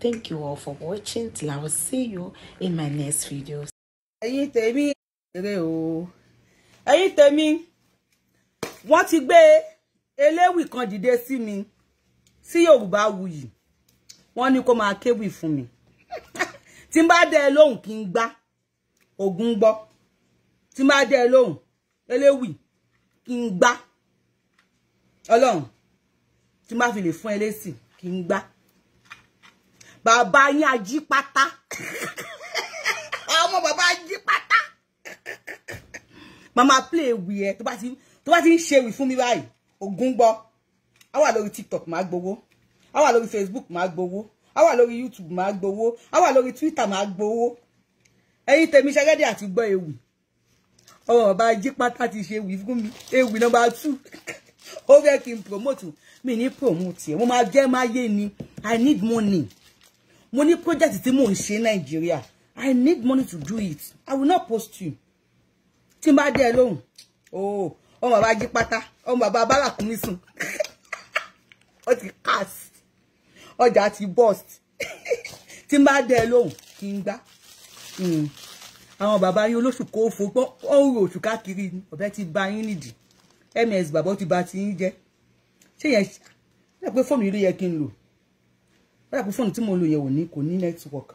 thank you all for watching till i will see you in my next videos. ẹ̀yin tèmi èrè o ẹ̀yin tèmi wọ́n ti gbé eléwì kan dìde sí mi sí yorùbá wuyì wọ́n ní kó máa kéwì fún mi tí n bá dẹ ẹ lóhùn kí n gbá ògùn gbọ́ tí n bá dẹ ẹ lóhùn eléwì kí n gbá ọlọ́run tí n bá fi lè fún ẹ lésì kí n gbá. Baba yín ajípátá ọmọ baba ajípátá Mama play ewì ẹ tó bá ti tó bá ti ń ṣe ewì mi báyìí ògún gbọ́ a wà tiktok máa gbowó a wà facebook máa gbowó a wà youtube máa gbowó a wà Twitter twitter máa gbowó ẹ̀yin tèmi ṣẹgẹdẹ ati gbọ́ ewì ọmọ baba ajípátá ti ṣe ewì fún mi ewì number two ó fẹ́ kí promote mi ní promote ẹ̀ mo máa jẹ́ máa yé ni i need money mo ní project tí mò ń ṣe Nigeria. i need money to do it i will not post you tí n bá dẹ lóhùn ooo oh, ọmọ bàbá jí pátá ọmọ bàbá bálàkùnmí sùn ó ti cast ọjà ti burst tí n bá dẹ lóhùn kí n gbá hmm. àwọn bàbá yín olóṣù kó fò gbọ́ ọ̀rọ̀ oṣù káàkiri ọ̀bẹ ti ba yín nídìí ms bàbá ti ba ti yín jẹ́ ṣé yẹn ṣe pé fóònù yìí ló yẹ kí n lò báyà pé fóònù tí mo lò yẹn ò ní kò ní network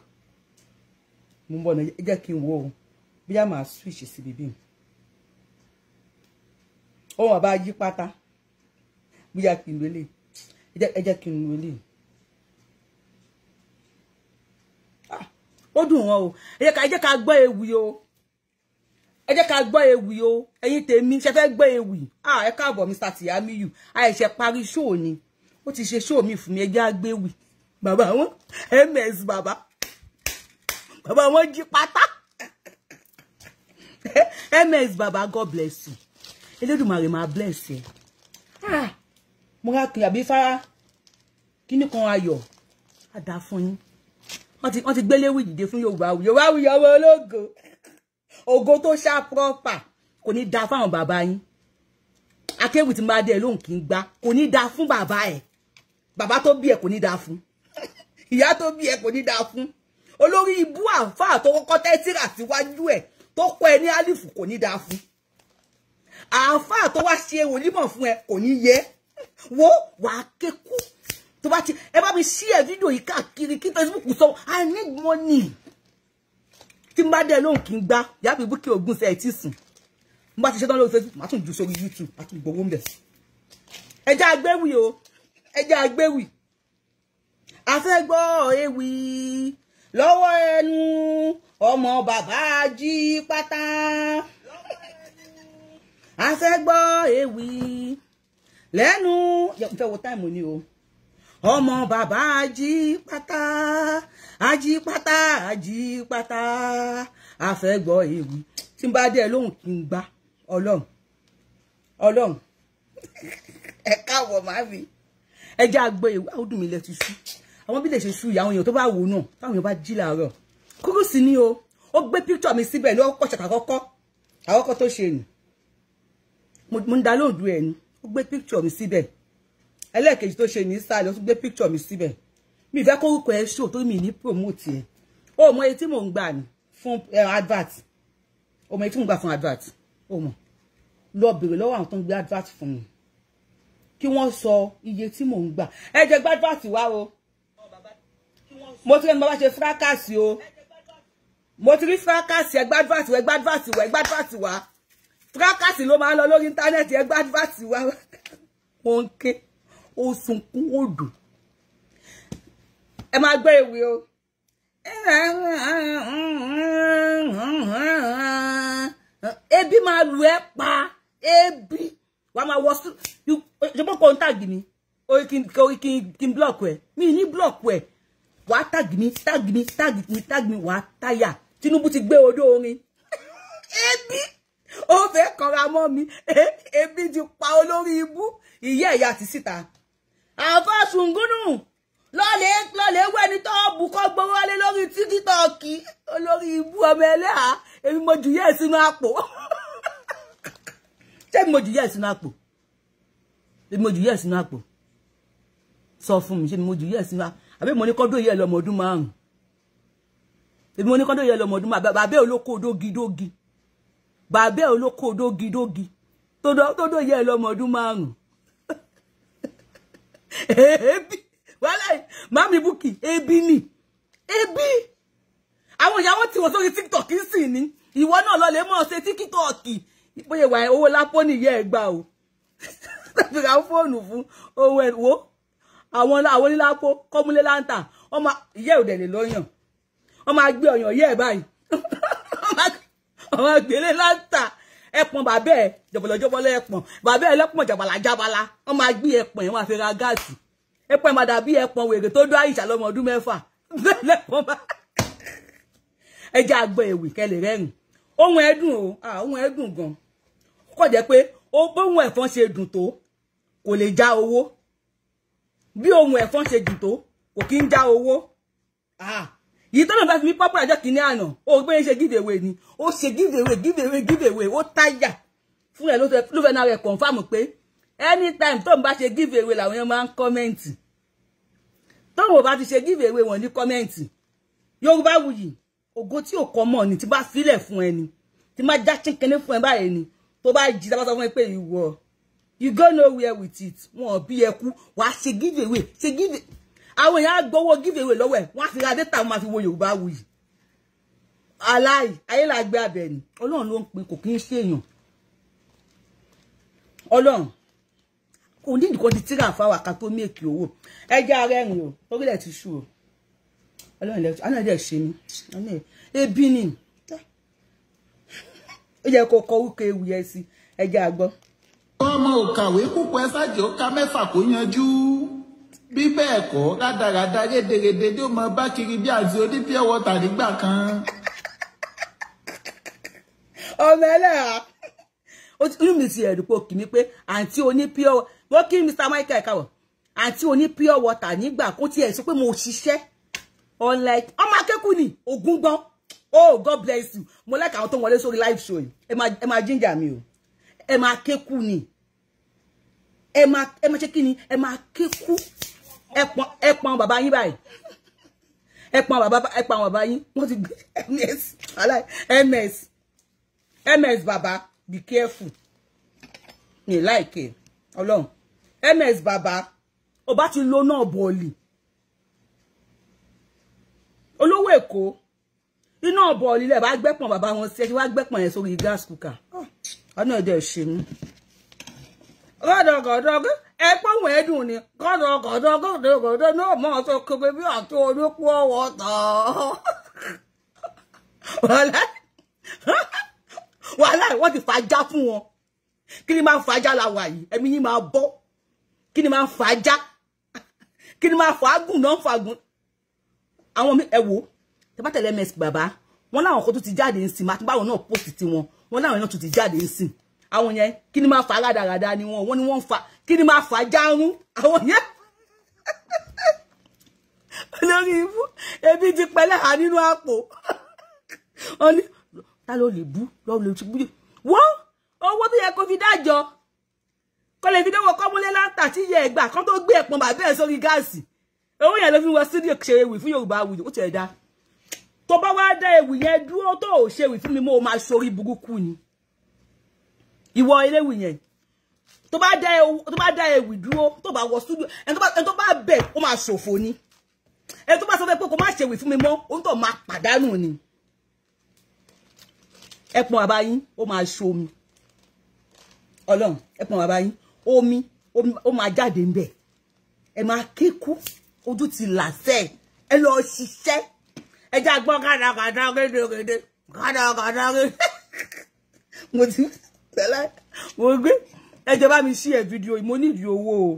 mo ń bọ̀ náà jẹ́ kí n wo o bí a máa switch sí bíbí ohun àbá yí pátá bóyá kí n lo eléyìí ẹ jẹ́ kí n lo eléyìí ah, ó dùn wọn o ẹ jẹ́ ká gbọ́ ewì o ẹ jẹ́ ká gbọ́ ewì o ẹ̀yin tèmi ṣe fẹ́ gbọ́ ewì ah, ẹ káàbọ̀ Mr Tiyamiyu àìṣe parí ṣóò ni ó ti ṣe ṣóò mi fún mi ẹ jẹ́ á bàbá wọn ms bàbá bàbá wọn jí pátá ms bàbá god bless you elédùnmarè máa bless ẹ ah mo ra kiri àbí fara kíní kan ayọ̀ àdá fún yín wọ́n ti wọ́n ti gbélé wì dìde fún yorùbá wù yorùbá wù ológo ògo tó ṣá proper kò ní da fáwọn bàbá yín akéwì tí mo bá dé lóhùn kì í gbá kò ní da fún bàbá ẹ bàbá tó bí ẹ kò ní da fún ìyá tó bí ẹ kò ní dáa fún olórí ibú àǹfà tó kọ́kọ́ tẹ́tírà síwájú ẹ̀ tó kọ́ ẹ ní álìfù kò ní dáa fún àǹfà tó wá ṣe wòlímọ̀ fún ẹ kò ní yẹ wo wàá kékú tó bá ti ẹ bá mi share fídíò yìí káàkiri kí Facebook sọ I need money tí n bá dẹ lóhùn kí n gbá yàbí búkẹ́ ogun sẹ́ẹ̀ tí sùn n bá ti ṣetán lórí Facebook màá tún jù sórí YouTube màá tún gbowó ń bẹ̀ ẹ já agbéwì o ẹ já agbéwì afẹ́gbọ́ ewì lọ́wọ́ ẹnu ọmọ bàbá jí pátá afẹ́gbọ́ ewì lẹ́nu fẹ́ wo táìmù ni o ọmọ bàbá jí pátá ají pátá ají pátá afẹ́gbọ́ ewì tí n bá dé lóhùn kí n gbá ọlọ́run ọlọ́run ẹ káàbọ̀ màmí ẹ jẹ́ àgbọ̀ ewì ó dùn mí lẹ́tí àwọn bí lè ṣe ṣu ìyàwó èèyàn tó bá wò náà táwọn èèyàn bá jí làárọ̀ kúrú sí ni o ó gbé píktọ̀ mi síbẹ̀ ló kọ́ ṣàkà kọ́kọ́ àkọ́kọ́ tó ṣe nù mo ń da lóòdù ẹ̀ ni ó gbé píktọ̀ mi síbẹ̀ ẹlẹ́ẹ̀kejì tó ṣe ní sáré ó tún gbé píktọ̀ mi síbẹ̀ mi ìfẹ́ kórúkọ ẹ ṣó tó mi ní promote ẹ ó mọ èyí tí mò ń gbà ní fún advert ó mọ èyí tí mò ń gbà fún advert ó mọ lọ bèrè lọ́wọ́ àwọn tó ń gbé advert fún mi kí wọ́n sọ iye tí mò ń gbà ẹ jẹ́ gbadvert wá o mo ti rẹ́ mi bá wá ṣe fúrákàsì o mo ti rí fúrákàsì ẹgbẹ́ advert wa ẹgbẹ́ advert wa ẹgbẹ́ advert wa fúrákàsì ló máa ń lọ lórí íńtánẹ́ẹ̀tì ẹgbẹ́ advert wa wọn ń ké ó sunkún odò ẹ máa gbé ìwé o. ebi máa lu ẹ pa ebi wà á máa wọ ṣùgbọ́n kò ń tàgbì mi orí kí n block ẹ mi ní block ẹ wàá tag mi tag mi tag mi tag mi wàá táyà Tinubu ti gbé odó orin ebi ó fẹ́ kanra mọ́ mi ebi ti pa olórí ibu, ìyá ẹ̀yà ti síta àfa sùngúnù lọ́lẹ̀ lọ́lẹ̀ wẹ́ni tó bùkọ́ gbowó lé lórí tíkítọ́ọ̀kì olórí ibú ọmọ ẹlẹ́hà èmi mo jù yẹ́ sínú àpò ṣé mo jù yẹ́ sínú àpò èmi mo jù yẹ́ sínú àpò sọ fún mi ṣé mo jù yẹ́ sínú àpò àbí mo ní kọ́dọ̀ yẹ lọ́mọ ọdún márùn àbí mo ní kọ́dọ̀ yẹ lọ́mọ ọdún márùn bàbá olóko dógi dógi bàbá olóko dógi dógi tọ́dọ̀ yẹ lọ́mọ ọdún márùn èébì wàhálà mami Bukky èébì ni èébì àwọn ìyàwó tí wọ́n sórí tiktok sì ni ìwọ náà lọ lè mọ̀ ṣe tiktok bóyá ìwà owó lápò nìyẹn ẹ̀ gbà o tàbí ra fóònù fún ohun ẹ̀ wò ó àwọn àwọn onílápò kọ́múlé láǹtà ọmọ ìyá òdẹ̀ lè lọ́yàn ọmọ agbé ọ̀yàn ìyá ẹ̀ báyìí ọmọ agbélé láǹtà ẹ̀pọ̀n bàbá ẹ̀ jọ̀bọ̀lọ̀jọ̀bọ̀lọ̀ ẹ̀pọ̀n bàbá ẹ̀ lẹ́pọ̀n jàbàlájàbàlá ọmọ agbé ẹ̀pọ̀n ẹ̀ wọ́n á fi ra gáàsì ẹ̀pọ̀n ẹ̀ máa dàbí ẹ̀pọ̀n wèrè tó dó àyíṣà lọ́mọ ọdún mẹ́fà ẹja àgbọ̀ ẹ̀wì kẹlẹ̀ rẹ́rìn ohun ẹ̀dùn o ohun ẹ̀dùn gan kọ̀ jẹ́ pé ó bóhun ẹ̀fọn ṣe dùn tó kò lè já owó bí ohun ẹ̀fọn ṣe jù tó kò kí ń já owó ah. yìí tọ́nà bá fi mí pápá àjọ kìíní àná ó gbé e ṣe giveaway ni ó ṣe giveaway giveaway giveaway ó táyà fún ẹ ló fẹ́ náà rẹ̀ confam pé anytime tóun bá ṣe giveaway làwọn yẹn máa ń kọ́mẹ́ǹtì tóun bá ti ṣe giveaway wọ́n ní kọ́mẹ́ǹtì yorùbá wuyì ògo tí ò kọ́ mọ̀ ni tí bá filẹ̀ fún ẹni tí má já chinkẹ́ni fún ẹ báyìí ni tó bá jí tábàtà fún ẹ pé ìwọ you go nowhere with it wọn bí ẹkú wa se give away Se give àwọn èèyàn gbowó give away lọ́wọ́ ẹ̀ fi ra data wọ́n máa fi wo yorùbá wuyì aláì ayé là gbé abẹ ni ọlọ́run ló ń pin kò kí ń ko ọlọ́run kò ní nìkan ti tíra fáwọn àká make mèkì owó ẹjẹ ara ẹrìn o orílẹ̀ ti ṣú o ọlọ́run lẹ́tọ́ àná ẹ̀dẹ̀ ṣe mí ebi ni ó yẹ kó kọ wíkọ ewu yẹn sí ẹjẹ àgbọ́ ọmọ ò kàwé púpọ̀ ẹ ṣáàjì ó ka mẹ́fà kó yanjú bí bẹ́ẹ̀ kọ́ rádaràda rédèrèdè tí ó bá kiri bí àti onípure water nígbà kan. ọmọ ẹlẹ́ra inú mi ti ẹ̀rù pé kì pé àǹtí onípure wọ́n kí Mr. Michael káwọ̀ àǹtí onípure water nígbà kó tiẹ̀ sọ pé mo ṣiṣẹ́ unlike ọmọ akẹ́kọ̀ọ́ ni ogun gbọ́n oh god bless you mo lẹ́ka àwọn tó wọlé sórí live show yìí ẹ máa jíjà mi o ẹ máa kékù ni ẹ máa ẹ máa ṣe kí ni ẹ máa ké kú ẹ pọn àwọn bàbá yín báyìí ẹ pọn àwọn bàbá ẹ pọn àwọn ti gbé ms ms ms Baba, be careful mi like ọlọ́run ms bàbá ọba ti lo náà bọ̀ọ̀lì olówó èkó iná bọ̀ọ̀lì lẹ̀ bá gbẹ́pọ̀n bàbá wọn sí ẹ ti wá gbẹ́pọ̀n yẹn sórí gas cooker ah, ọ̀nà ẹ̀dẹ̀ ṣe mí gọdọgọdọgọ ẹpọ wọn ẹdùn ni gọdọgọdọgọdọgọdọ náà mọ ọsọ kébé bí àti onípò ọwọ tán wàhálà wọn ti fàájà fún wọn kí ni máa fàájà làwà yìí ẹ̀mí yìí máa bọ́ kí ni máa fàájà kí ni máa fàágùn náà fàágùn àwọn ẹ wò tẹbátẹlẹ ms bàbá wọn láwọn kan tó ti jáde ń sìn máa tún báwọn náà post tiwọn wọn láwọn náà tún ti jáde ń sìn àwọn yẹn kí ni máa fa rádaràda ni wọn wọn ni wọn fa kí ni máa fa járún àwọn yẹn olórí ibú ebi ti pẹlẹ hà nínú àpò wọn ni ta ló lè bú lọ lè ti bú wọn owó tó yẹ kó fi dájọ kó lè fi dánwò kọmúlé láńtà tí yẹ ẹgbà kan tó gbé ẹpọn bàbá ẹ sórí gáàsì owó yẹn ló fi wọ sídìí ṣe ewì fún yorùbá awùjọ ó tiẹ̀ dá tó bá wá dá ewì yẹn dúró tó ò ṣe ewì fún mi mo máa ṣorí burúkú ni ìwọ eléwì yẹn tó bá dá tó bá dá ewì dúró tó bá wọ studio ẹni tó bá ẹni tó bá bẹ̀ ó máa ṣòfò ni ẹni tó bá sọ fẹ́ pé kó má ṣèwì fún mi mọ́ ó ń tọ̀ máa pàdánù ni ẹpọn bàbá yín ó máa ṣo omi Ọlọ́run ẹpọn bàbá yín omi ó máa jáde ń bẹ ẹ máa kíkú ojú E lo sẹ ẹ lọ ṣiṣẹ́ kada kada gbọ́ kàdàkàdà kada kada gédégédé mo ti pẹ̀lẹ́ mo gbé ẹjọ bá mi ṣí ẹ fídíò mo nídìí owó o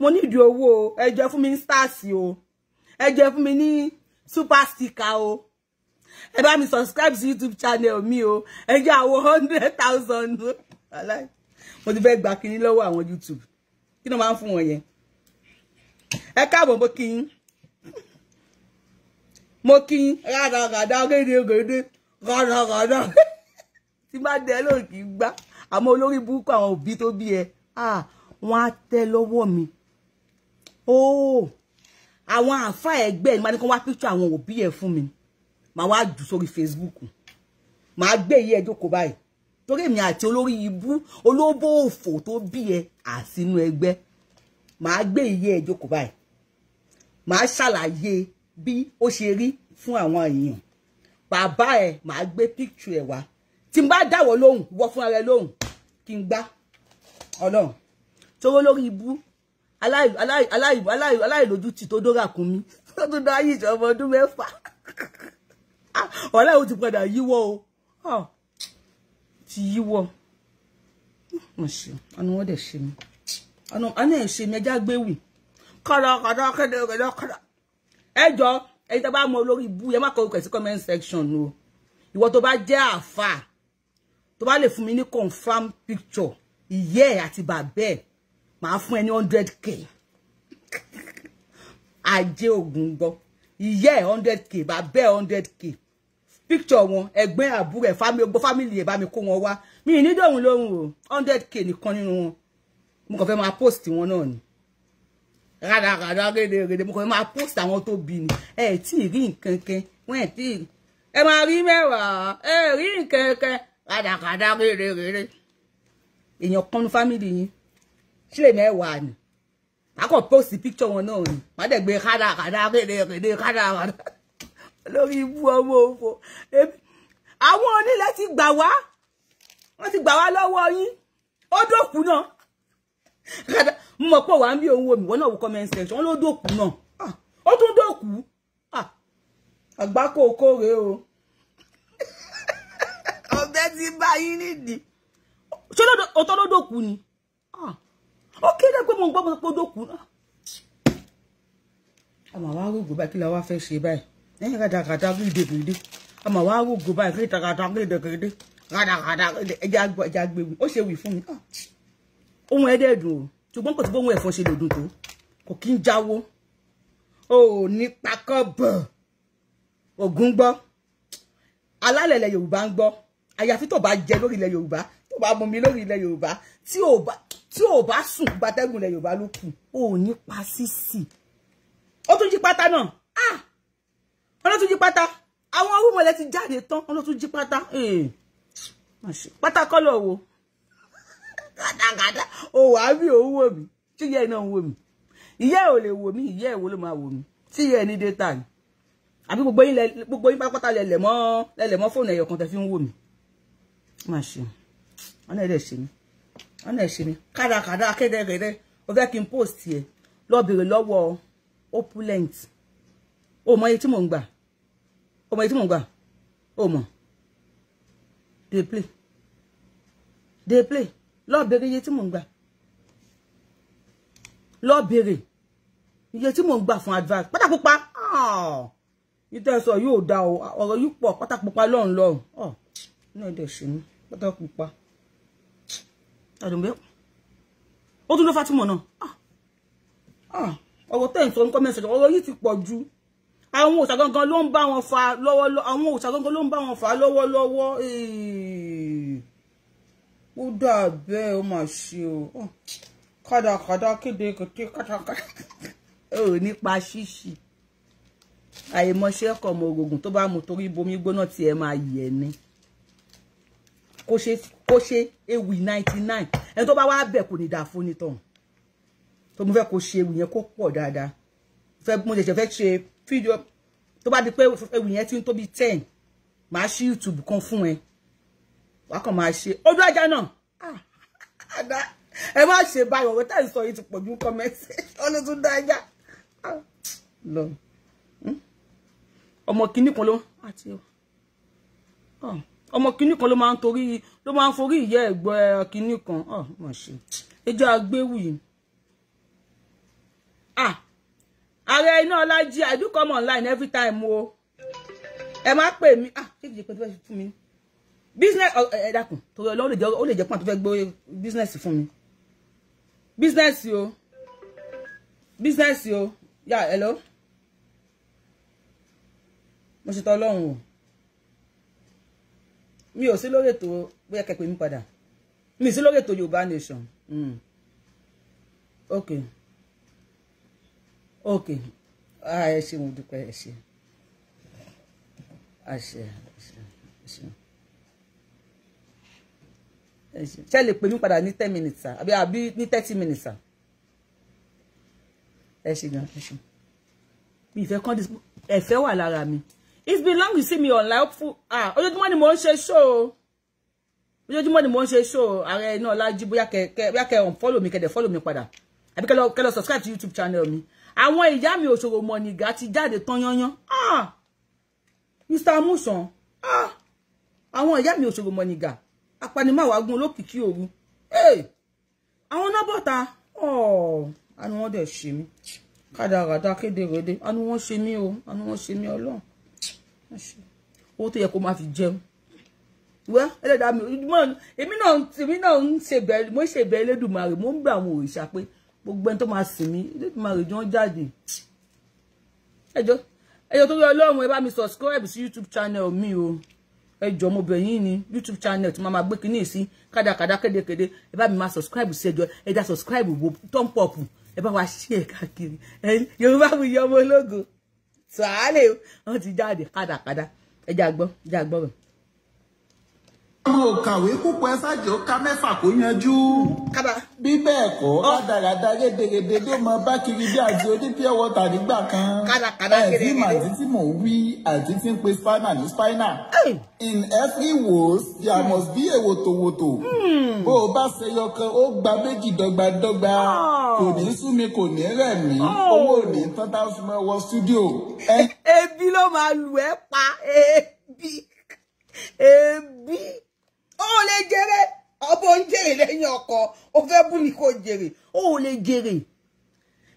mo nídìí owó o ẹjọ fún mi ní stars o ẹjọ fún mi ní super sticker o ẹ bá mi subscribe sí youtube channel mi o ẹjọ àwọn hundred thousand o mo ti fẹ́ gba kinní lọ́wọ́ àwọn youtube kí ni wọ́n máa ń fún wọn yẹn ẹ káàbọ̀ mo kí yín mo kí yín rárá rárá gèdè gèdè rárá rárá tí bá dẹ lóhùn kì í gbá àmọ́ olórí burúkú àwọn òbí tó bí ẹ wọ́n á tẹ́ lọ́wọ́ mi óò àwọn àáfàá ẹgbẹ́ ni máa ní kó wá píkṣọ àwọn òbí ẹ fún mi màá wá jù sórí Facebook màá gbé iye ẹjọ́ kó báyìí torí èmi àti olórí ibú olóbó òfò tó bí ẹ àsínú ẹgbẹ́ màá gbé iye ẹjọ́ kó báyìí màá ṣàlàyé bí ó ṣe rí fún àwọn èèyàn bàbá ẹ màá gbé píkṣọ ẹ wá tí n bá dáwọ́ lóhùn wọ́ fún ara lóhùn kí n gbá ọlọ́run tówó lórí ibú aláìlójútì tó dóra kún mi tó tó dá yìí ìjọba ọdún mẹ́fà ọlọ́run ti padà yíwọ́ o ti yíwọ́ mo ṣe anu wọ́n dẹ̀ ṣe mi Anu, ẹ̀ ṣe mi ẹja gbé wì kọ́dọ̀kọ́dọ̀ kọ́dọ̀kọ́dọ̀ kọ́dọ̀ ẹjọ́ Ejo, tó bá mọ olórí ibú yẹn má kọ orúkọ sí comment section o ìwọ tó bá jẹ́ àfáà tó bá lè fún mi ní confam picture ìyẹ́ ati àti bàbẹ́ ẹ̀ màá fún hundred k ajé ògùn gbọ́ ìyẹ́ ẹ̀ hundred k bàbẹ́ ẹ̀ hundred k picture wọn ẹgbẹ́ àbúrò family gbọ́ family ẹ̀ ba mi kó wọn wá mi ní dòun lóhùn o hundred k nìkan nínú wọn mo kàn fẹ́ máa post wọn náà ni rádaràdà rédèrèdè mo kàn ma máa post àwọn tó bí ni ẹ tí ì rí nǹkan kan wọn ẹ tí ì ẹ máa rí mẹ́wàá ẹ rí kàdàkàdà kéré èèyàn kan ní fámìlì yín ṣílè mẹ́wàá ni akọ post picture wọn náà ni wọn dẹ̀ gbé kàdàkàdà kéré kéré kàdàkàdà lórí ibú ọmọ òfò àwọn onílẹ̀ ti gbà wá wọ́n ti gbà wá lọ́wọ́ yín ó dòkú náà mo mọ̀ pọ̀ wá ń bí òun wò mí náà wò comment section wọ́n ló dòkú náà ah, ó tún dòkú ah, àgbákò kóre o tẹ́ ti bá yín nídìí ṣé òótọ́ ló dòkú ni ah, ó kéde pé mo ń gbọ́ pé ó dòkú náà. àmọ́ àwa arúgbó báyìí kí la wá fẹ́ ṣe báyìí lẹ́yìn kàdàkàdà kí lè dèkèdè àmọ́ àwa arúgbó báyìí kí lè kàdàkàdà kí lè dèkèdè kàdàkàdà ẹja agbègbè ó ṣe wì fún mi. Ah, ohun ẹ̀ẹ́dẹ̀ẹ̀dùn o ṣùgbọ́n kò tí bóun ẹ̀fọ́ ṣe lòdùn tó kò kí ń jáwó o ò ní pakọ́ bọ̀ ògún gbọ́ alálẹ̀lẹ̀ yorùbá ń gbọ́ àyàfi tó bá jẹ lórí ilẹ̀ yorùbá tó bá mumi lórí ilẹ̀ yorùbá tí ò bá tí ò bá sùn gbatẹ́gùn ilẹ̀ yorùbá ló kù ò ní pa sísì ó tún jí pátá náà ah wọn ló tún jí pátá àwọn orúmọlẹ̀ ti jáde tán wọn ló tún jí pátá eh! pátá kọ́lọ̀ wo kàdàkàdà ò wá rí òun wò mí tí ìyá ẹ̀ náà ń wò mí ìyá ẹ̀ ò lè wò mí ìyá ẹ̀ wo ló máa wò mí tí ìyá ẹ̀ ní dé tà ní àbí gbogbo yín pátápátá lẹ̀lẹ̀ mọ́ lẹ̀lẹ̀ mọ́ fóònù ẹ̀yọ̀kan tẹ̀ fi ń wò mí má ṣe ọ̀nà ẹ̀dẹ̀ ṣe mí ọ̀nà ẹ̀ ṣe mí kádàkádà akédèrèdè o fẹ́ kí n post yẹ lọ bèrè lọ́wọ́ opulent o mọ iye tí mò ń gbà o mọ iye tí mò ń gbà o mọ dey play dey play lọ bèrè iye tí mò ń gbà lọ bèrè iye tí mò ń gbà fún advert pátákópa ìtẹ̀sọ̀ yóò dá o ọ̀rọ̀ yìí pọ̀ pátákópa lọ́run lọ́run ọ̀ náà dẹ̀ ṣe mí pátá pupa àdùnbẹ ó tún ló Fatima náà ah, ah, ọwọ tẹ ń sọ nǹkan mẹsàn ọ̀rọ̀ yìí ti pọ̀ jù àwọn òòṣà gangan ló ń bá wọn fà lọ́wọ́lọ́wọ́ àwọn òòṣà gangan ló ń bá wọn fà lọ́wọ́lọ́wọ́ ó dà bẹ́ẹ̀ ó mà ṣe o ah, kádàkádà kéde kété kátàkátà ò nípa ṣíṣì àìmọṣẹ́ kọ̀mọ̀ ògògùn tó bá mu torí bomi gbóná tí ẹ máa yẹ ni kó ṣe kó ṣe ewì ninety nine ẹni tó bá wá bẹ̀ kò ní dà fún ní tọ̀hún tó mo fẹ́ kó ṣe ewì yẹn kó pọ̀ dáadáa fẹ́ mo ṣẹ̀ṣẹ̀ fẹ́ ṣe fídíò tó bá di pé ewì yẹn ti ń tóbi ten màá ṣí YouTube kan fún ẹ wàá kàn máa ṣe ojú ajá náà ah, ẹ má ṣe báyìí ọ̀rọ̀ tá à ń sọ yìí ti pọ̀ ju kọ́mẹ́sì ọlọ́tún dájá lọ ah, hmm? ọmọ kìíní ló àti ọmọ kinní kan ló máa ń torí ló máa ń forí ìyá ẹ̀gbọ́n ẹ̀ kinní kan ọ̀ ah, mọ̀ ṣe ẹjọ́ agbéwì ah ààrẹ iná ọlájí i do come online every time o ẹ má pè mí ah ṣé kìí ṣe pé tó fẹ́ fún mi business ẹ oh, eh, dákun torí ọlọ́run ó lè jẹ́ pọ́n tó fẹ́ gbé business fún mi business o business o yà hello mo ṣe tọ́ ọlọ́run o mi ò sí lórí ètò bóyá kẹpẹ mi padà mi sí lórí ètò Yorùbá Nation mm. ok ok ẹ ṣe mo dúpẹ́ ẹ ṣe àṣẹ àṣẹ ṣe lè pè mí padà ní ten minutes àbí àbí ní thirty minutes ẹ ṣe gan ẹ ṣe mi ìfẹ́ kọ́ndí ẹ̀fẹ́ wà lára mi it's been long you see me online hopeful ah ojoojúmọ́ ni mo ń ṣe show ojoojúmọ́ ni mo ń ṣe show ààrẹ iná ọlájí bóyá kẹ bóyá kẹ ọ̀n me, mi kẹ̀dẹ̀ fọ́lò mi padà àbí kẹ lọ kẹ lọ subscribe to youtube channel mi àwọn ìyá mi òṣòro mọ̀nìgà ti jáde tán yányán ah mr amusan ah àwọn ìyá mi òṣòro mọ̀nìgà apanimáwàágun olókìkí òru àwọn nábọ̀ta oh, àánú wọn dẹ̀ ṣe mí kádàràdà kéde rèdè àánú wọn ṣe mí o àánú wọn ṣe mí ọlọ́run owó tó yẹ kó máa fi jẹun wẹ́ ẹlẹ́dàá mi èmi náà èmi náà ń ṣèbẹ̀ mo ṣèbẹ̀ Elédùmarè mo ń gbà àwọn òrìṣà pé gbogbo ẹni tó máa sìn mí Elédùmarè jọ jáde ẹjọ́ ẹjọ́ tó yọ Ọlọ́run ẹ bá mi subscribe sí YouTube channel mi o ẹjọ́ mo bẹ̀ yín ní YouTube channel tí màá máa gbé kínní sí kádàkádà kédekéde ẹ bá mi máa subscribe sí ẹjọ́ ẹjá subscribe wo tọ́ǹpọ̀pù ẹ bá wa ṣí ẹ̀ káàkiri Yorùbá mi yọ ọmọ ológo sàálè wọn ti jáde kádàkádà ẹjẹ àgbọ ẹjẹ àgbọ bẹ́ẹ̀ ọmọ òkàwé púpọ̀ ẹ ṣáàjọ ká mẹ́fà kó yanjú. bí bẹ́ẹ̀ kọ́ rádaràda rédèrèdè ló mọ bá kiri bí àti onípure water nígbà kan. ẹ̀dí màdí tí mò ń wí àti tí ń pe spinal ní spinal. in every woes there hmm. must be a wotowoto. Hmm. bó o bá ṣe yọkan ó gba méjì dọ́gbadọ́gba oh. kò ní sú mi kò ní rẹ̀ mí oh. owó ní tán tá a studio. ebi ló máa lù ẹ́ pa ebi ebi ó lè jèrè ọbọ ń jèrè lẹ́yìn ọkọ ó fẹ́ bú ni kò jèrè ó lè jèrè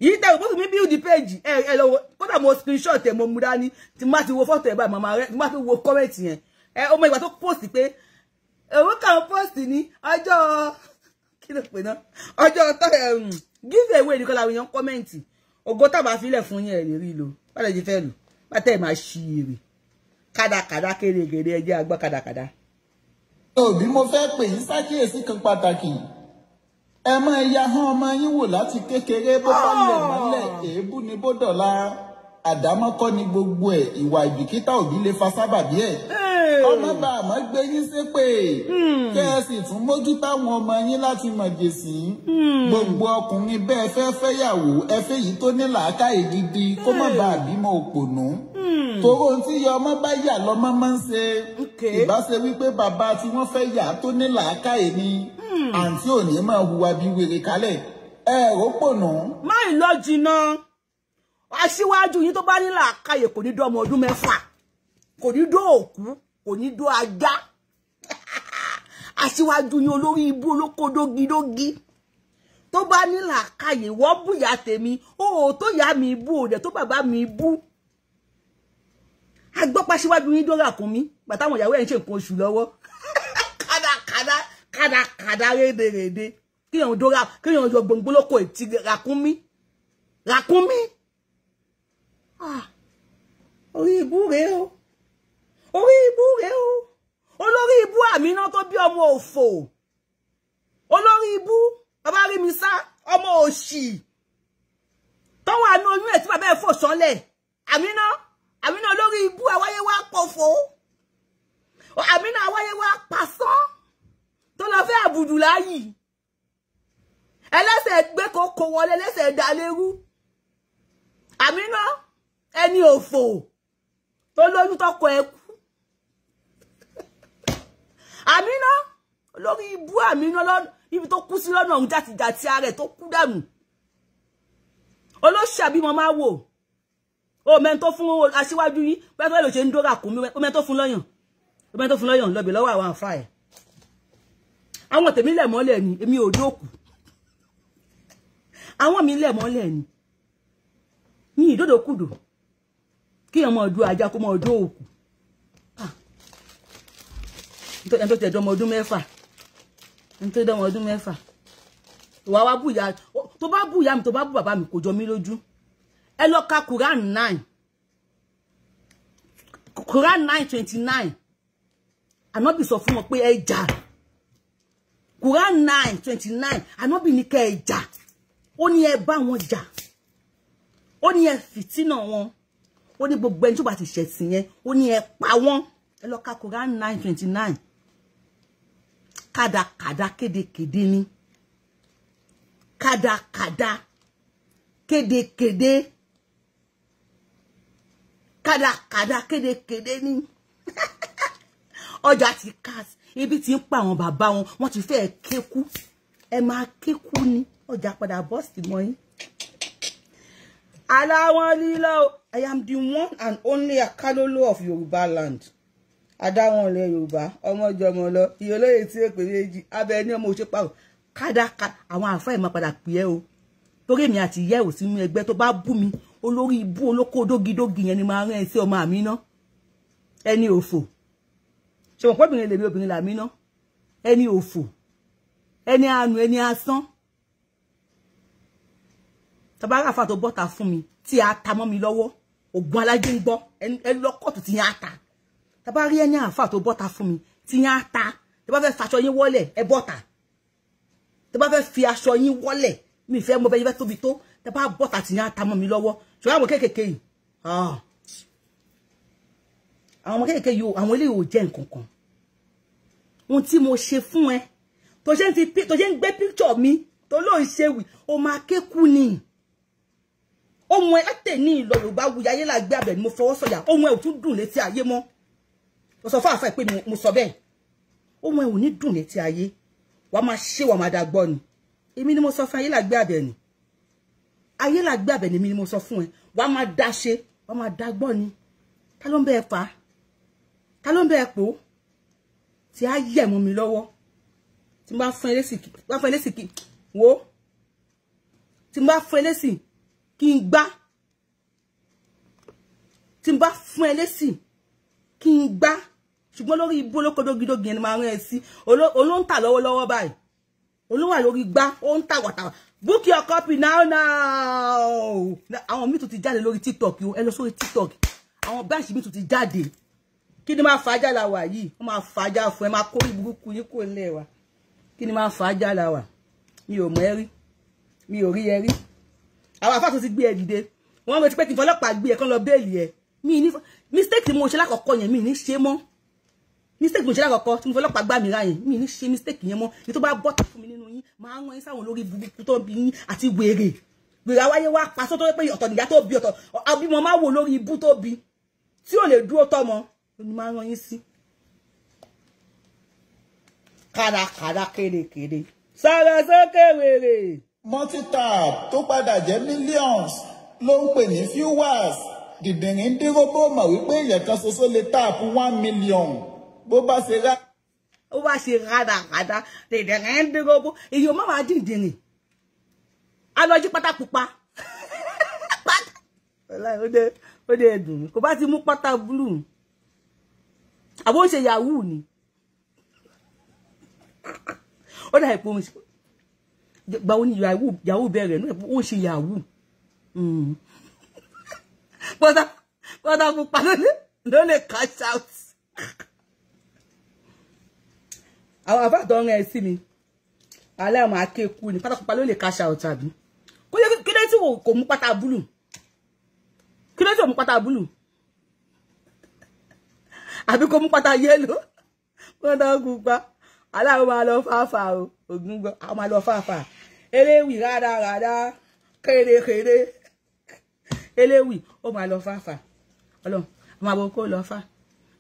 yìí tẹ̀wé bó sì mí build page ẹ ẹ lọ kódà mo screenshot ẹ mo mú dání tí má ti wo fọ́tò ẹ báyìí màmá rẹ tí má ti wo kọ́mẹ̀tì yẹn ẹ ọmọ ìgbà tó post pé òun kàn post ní ọjọ́ kí ló pè náà ọjọ́ ọtọ́ give away nìkan làwọn èèyàn kọ́mẹ̀ntì ògo tàbá filẹ̀ fún yẹn èrè rí lo bá lè jẹ fẹ́ lò bá tẹ̀ máa ṣí èrè kádàkádà kéré gèrè ẹjẹ́ àgbà kádàkádà òbí mo fẹ́ pè yín sákìyèsí kan pàtàkì ẹ máa ya hàn ọmọ yín wò láti kékeré bó bá lẹ̀ mọ́lẹ̀ ah. èébú ni bó dọ̀la àdámọ́kọ́ ni gbogbo ẹ̀ ìwà ìbìkítà òbí lè fa sábàbí ẹ̀. Eh, ọmọ bá àmọ́ gbé yín ṣépè hmm. kẹ́ ẹ sì tún mójú táwọn ọmọ yín láti mọ̀ jèsì hmm. gbogbo ọkùnrin bẹ́ẹ̀ fẹ́ fẹ́yàwó ẹ fẹ́ yìí tó ní làákàyè gidi hmm. kó má bàa bímọ òpònú tòró ohun tí ìyá ọmọ bá yà lọ́mọ máa ń ṣe ìbáṣe wípé bàbá tí wọ́n fẹ́ yà tó ní làákàyè ni àǹtí òní máa hùwà bí wèrè kálẹ̀ ẹ ò pònú. má ì lọ jìnnà aṣíwájú yín tó bá ní làákàyè kò ní dọ́mọ ọdún mẹ́fà kò ní dó òkú onídó ajá aṣíwájú yín olórí ibú olókodógidógi tó bá nílà káyè wọ́n bùyà tèmi ó tó yá mi bú òdẹ tó bàbá mi bú agbọ́pá síwájú yín dọ́là kún mi pàtàwọn ìyàwó ẹ̀ ń ṣe nǹkan oṣù lọ́wọ́ kádàkádà kádàkádà rédèrèdè kíyàn dọ́là kíyàn yọ gbòǹgbólókò ètí ràkún mi ràkún mi ah, orí ibú rèé o orí ibú rèé o olórí ibú àmínà tó bí ọmọ òfò olórí ibú bàbá rí mi sá ọmọ òṣì tọ́wọ́ àánú oyún ẹ̀ tí bàbá ẹ̀ fò sọ́lẹ̀ àmínà àmínà olórí ibú àwáyé wá pòfò àmínà àwáyé wá pasán tó lọ fẹ́ àbùdù láàyè ẹlẹ́sẹ̀ gbé kókó wọlé ẹlẹ́sẹ̀ dalérú àmínà ẹni òfò tó lóyún tọkọ ẹ kú Amina, olórí ibu Amina, lọ́nà ibi tó kú sí lọ́nà ọ̀hún jàtìjàtì ààrẹ tó kú dànù olóṣàbí mo máa wò ó mẹ́ni tó fún aṣíwájú yín pẹ́ẹ́tọ́ èlò ṣe ń dóra kù mí o mẹ́ni tó fún lọ́yàn ó mẹ́ni tó fún lọ́yàn lọ́bì lọ́wọ́ àwọn àǹfà ẹ̀ àwọn tèmi lẹ̀ mọ́lẹ̀ ni èmi ò dókù àwọn mi lẹ̀ mọ́lẹ̀ ni ní ìdódòkùdò kí ọmọ ọdún ajá kó mọ ọdún òkú ẹni tó tẹ̀dọ́ ọmọ ọdún mẹ́fà ẹni tó tẹ̀dọ́ ọmọ ọdún mẹ́fà ìwà wa bùyà tó bá bùyà mi tó bá bù bàbá mi kò jọ mí lójú ẹ lọ ka Quran nine Quran nine twenty nine ànábì sọ fún wọn pé ẹ jà Quran nine twenty nine ànábì ní kẹ́ ẹ jà ó ní ẹ bá wọn jà ó ní ẹ fìtínà wọn ó ní gbogbo ẹni tó bá ti ṣẹ̀sìn yẹn ó ní ẹ pa wọ́n ẹ lọ ka Quran nine twenty nine kádàkádà kédekède ni kádàkádà kédekède kádàkádà kédekède ni ọjà ti ká ibi tí ń pa àwọn bàbá wọn wọn ti fẹ́ kéku ẹ máa kéku ni ọjà padà bọ́ọ̀sì mọ́ yín. aláwọn lílọ I am the one and only Akalolo of Yorùbá land adáwọn ilẹ̀ yorùbá ọmọjọmọ lọ iye olóyè tí èpè méjì abẹ ní ọmọ òṣèpá o kádàkà àwọn àfa ẹ̀ máa padà pè ẹ́ o torí èmi àti ìyá ẹ̀ ò sínú ẹgbẹ́ tó bá bú mi olórí ibú olóko dógidógi yẹn ni máa rán ẹ sí ọmọ àmì ná ẹni òfò ṣe mọ̀ pọ́bìnrin lèmi obìnrin làmí ná ẹni òfò ẹni àánú ẹni asán tabarafa tó bọ́ta fún mi tí a ta mọ́ mi lọ́wọ́ ògùn alájẹ́ ń gbọ́ ẹni lọ́kọ̀tù ti yẹn á tá bá rí ẹni àǹfà tó bọ́ta fún mi tí yẹn ta tó bá fẹ́ faṣọ yín wọ́lẹ̀ ẹ bọ́ta tó bá fẹ́ fi aṣọ yín wọ́lẹ̀ mi fẹ́ mo bẹ́ yín fẹ́ tóbi tó tó bá bọ́ta tí yẹn á ta mọ́ mi lọ́wọ́ ṣùgbọ́n àwọn kéékèèké yìí ah. àwọn ọmọ kéékèèké yìí àwọn eléyìí ò jẹ́ nǹkan kan ohun tí mo ṣe fún ẹ tó ṣe ń ti tó ṣe ń gbé píkṣọ mi tó ló ń ṣe wì ó máa kékù ni ohun ẹ látẹ̀ ní ìlọ Yorùbá la làgbé abẹ ni mo fọwọ́ sọ̀yà ohun ẹ ò tún dùn létí ayé mọ́ mo sọ fáàfáà pé mo sọ bẹ́ẹ̀ ohun ẹ̀ ò ní dùn létí ayé wàá máa ṣé wàá máa dàgbọ́ ni èmi ni mo sọ fún ayé làgbé àbẹ̀ ni ayé làgbé àbẹ̀ ni èmi ni mo sọ fún ẹ wàá máa dá ṣe wàá máa dàgbọ́ ni ta ló ń bẹ ẹ fà á ta ló ń bẹ ẹ pò ó tí á yẹ̀ mọ́ mi lọ́wọ́ tí n bá fún ẹlẹ́sìn kí wo tí n bá fún ẹlẹ́sìn kí n gbá tí n kí n gbá ṣùgbọ́n lórí ibo olókodógidógi ẹni máa rán ẹ sí olóńtà lọ́wọ́lọ́wọ́ báyìí olówà lórí gbá ó tà wàtàwà book your copy now now àwọn míì tún ti jáde lórí tiktok ẹ lọ sórí tiktok àwọn báńkì míì tún ti jáde kí ni máa fàájà la wà yìí wọ́n máa fàájà fún ẹ máa kó burúkú yín kò lẹ̀ wá kí ni máa fàájà la wà mi ò mọ̀ ẹ́ rí mi ò rí ẹ rí àwọn afáàtò ti gbé ẹ dìde wọ́n retí pé kí n fọlọ́pàá gbé ẹ kán lọ bẹ́ẹ̀lì ẹ mi ní mistake tí mo ṣe lákọ̀ọ́kọ́ yẹn mi ní ṣe mọ́ mistake gbòjìlá kọ̀kọ́ tí mo fẹ́ ọlọ́pàá gbà mí ra yẹn mi ní ṣe mistake yẹn mọ́ èyí tó bá bọ́ta fún mi nínú yín máa ń wọ́n yín sáwọn olórí burúkú tó bí yín àti wèrè wèrè awáyé wá pa sọ́tọ́ pé ọ̀tọ̀ nìyá tó bí ọ̀tọ̀ àbí mo máa wò lórí ibú tó bí tí ò lè dúró tọ́mọ ni máa ń wọ́n yín sí. kárakára kérekére sára wèrè. multitap tó padà jẹ́ millions ló ń pè ní viewers dìdìrín dírógbó mọ̀ wípé ìyẹ̀kan ṣoṣo lè tap one million bó bá ṣe rá ó bá ṣe rádaràda dèdèrè ń dúró bó èyí ò má máa dìde rìn alọjí pátá pupa ó dé ẹdùn kò bá ti mú pátá búlù àbó ń ṣe yahoo ni ó dà ìpò gba òní yahoo bẹ̀rẹ̀ ní ìpò ó ṣe yahoo hmm. pátá pátá pupa ló lè cash out. àwọn àbádọ́ ń rẹ sí mi aláìmọ̀ akéku ni pátákópa ló lè cash out tàbí kí ló tí kò mú pátá búlù kí ló tí kò mú pátá búlù àbí kò mú pátá yélo wọ́n dán kú pa máa lọ fàáfà o ògùn àwọn máa lọ fàáfà eléwì rádaràdá kérékéré eléwì ó máa lọ fàáfà ọlọ́run àwọn àbòkó lọ fà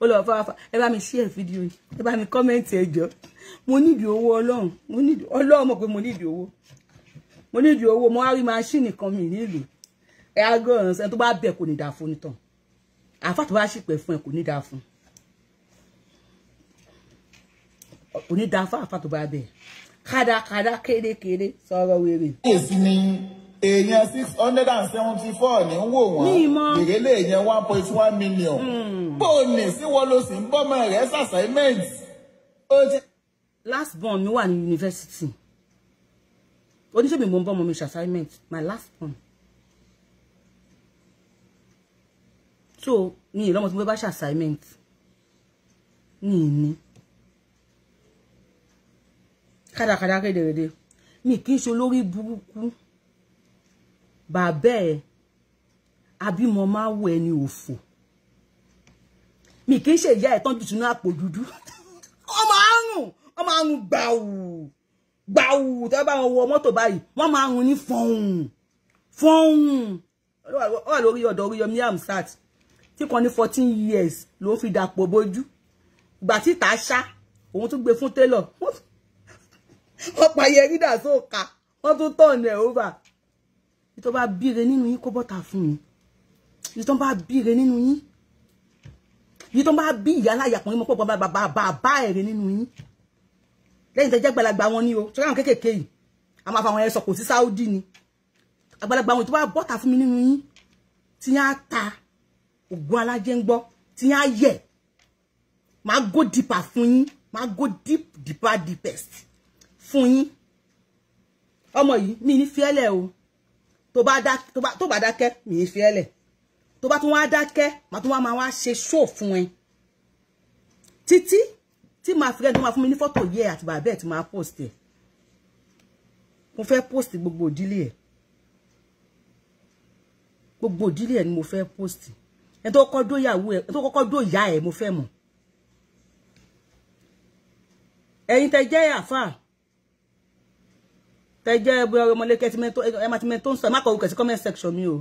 ó lọ fàáfà ẹ bá mi share fídíò yìí ẹ bá mi kọ́mẹ́ǹtì ẹ jọ̀ọ́ mo nídìí owó ọlọ́run mo nídìí ọlọ́run mọ̀ pé mo nídìí owó mo nídìí owó mo wá rí máṣíìnì kan mi nílùú ẹ aago ìrànṣẹ́ tó bá bẹ̀ kò ní dà fún nítàn àáfà tó bá ṣìpẹ̀ fún ẹ kò ní dà fún kò ní dà fún àáfà tó bá bẹ̀ kádàkádà kérékéré sọ̀rọ̀ wèrè. èsì ni èèyàn six hundred and seventy four ní wò wọ́n ìrèlè èèyàn one point one million hmm. bóòní síwọ́ ló sì ń bọ́mọ rẹ̀ sàṣàìmẹ́ǹtì last born mi wà in university. oníṣẹ́bí mo ń bọ́ ọmọ mi assignment my last born so ní ìlọ́mọ tí mo bá ṣe assignment ní ìní kádàkádà kéderede mi kì í ṣe olórí burúkú bàbá ẹ abímọ máa wọ ẹni mi kì í ṣe ìyá ẹ tán jù sínú àpò wọ́n máa ń gbàù gbàù tẹ́ bá wọn wọ mọ́tò báyìí wọ́n máa ń ní fọ́hùn fọ́hùn wà lórí ọ̀dọ̀ Oríyọmí Hamzat tí kan ní fourteen years ló fi dàpọ̀ bójú ìgbà tí ìta ṣá òun tún gbé fún télọ̀ wọ́n pa yẹrí dà sóòka wọ́n tún tọ̀nà ẹ̀ over ìtọ́ bá bíire nínú yín kó bọ́ta fún mi ìtọ́ bá bíire nínú yín yìí tó bá bí ìyá aláyà kan mọ́ pọ̀ bá bá bá bá ẹ̀rẹ̀ nínú yín lẹ́yìn tẹ́ jẹ́ gbàlagbà wọn ni o ṣọ́ra àwọn kéékèèké yìí a máa fa àwọn ẹ̀sọ̀ kò sí Saudi ni àgbàlagbà wọn tó bá bọ́ta fún mi nínú yín tí yẹn á ta ògùn alájẹ́ ń gbọ́ tí yẹn á yẹ̀ máa go deeper fún yín máa go deep deeper deepest fún yín ọmọ yìí mi ní fiẹ́lẹ̀ o tó bá dákẹ́ mi ní fiẹ́lẹ̀ tó bá tún wá dákẹ́ màá tún wá máa wá ṣe ṣó fún ẹ títí tí màá fi rẹ́ni tó máa fún mi ní fọ́tò yẹ àti bàbá ẹ̀ tí màá post ẹ̀ mo fẹ́ post gbogbo ìdílé ẹ̀ gbogbo ìdílé ẹ̀ ni mo fẹ́ post ẹ̀ tó kọ́kọ́ dóyàwó ẹ̀ tó kọ́kọ́ dóyà ẹ̀ mo fẹ́ mọ̀ ẹ̀yin tẹ́ jẹ́ àfáà tẹ́ jẹ́ ẹbí ọmọlẹ́kẹ́ ẹ máa ti mẹ́tò ń sọ ẹ Ma kọ orúkọ sí comment section mi o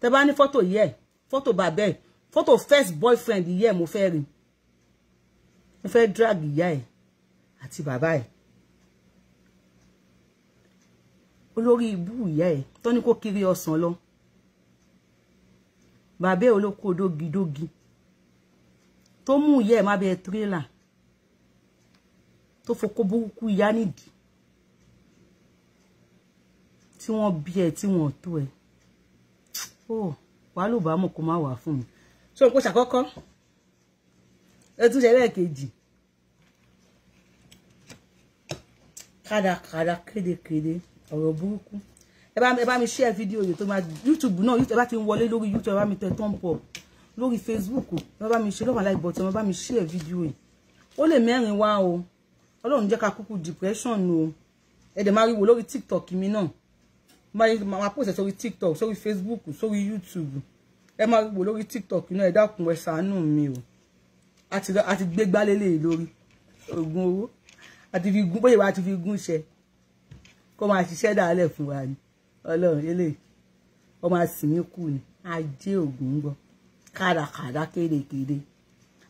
tẹ́ bá ní photo yẹ photo bàbá ẹ̀ fọ́tò first boyfriend yẹ mo fẹ́ rí mo fẹ́ drag ìyá ẹ̀ àti bàbá ẹ̀ olórí ibú ìyá ẹ̀ tó ní kó kiri ọ̀sán lọ bàbá ẹ̀ olóko dógidógi tó mú ìyá ẹ̀ má bẹ tírélà tó fokó burúkú ìyá nídìí tí wọ́n bí ẹ tí wọ́n tó ẹ wàá ló kó má wà fún mi. so kó ṣàkọ́kọ́ ẹ tún ṣe lẹ́ẹ̀kejì kádàkádà kédekède ọ̀rọ̀ burúkú ẹ bá mi ẹ mi share fídíò yìí tó máa youtube náà ẹ bá ti ń wọlé lórí youtube ẹ bá mi tẹ thumb up lórí facebook ẹ bá mi ṣe lọ́wọ́ like button ẹ bá mi share fídíò yìí ó lè mẹ́rin wá o ọlọ́run jẹ́ ká kúkú depression o ẹ dẹ̀ máa rí lórí tiktok mi náà máa post ẹ sórí tiktok sórí facebook sórí youtube ẹ máa rí lórí tiktok náà ẹ dákun ẹ ṣàánú mi o a ti gbé gbálélé lórí oògùn owó àti fi gún bóyá àti fi gún iṣẹ́ kó máa ṣiṣẹ́ dàálẹ̀ fún wa ni ọlọ́run eléyìí ọmọ àsìmí kù ni ajé ògùn ń gbọ́ kàràkàrà kérekére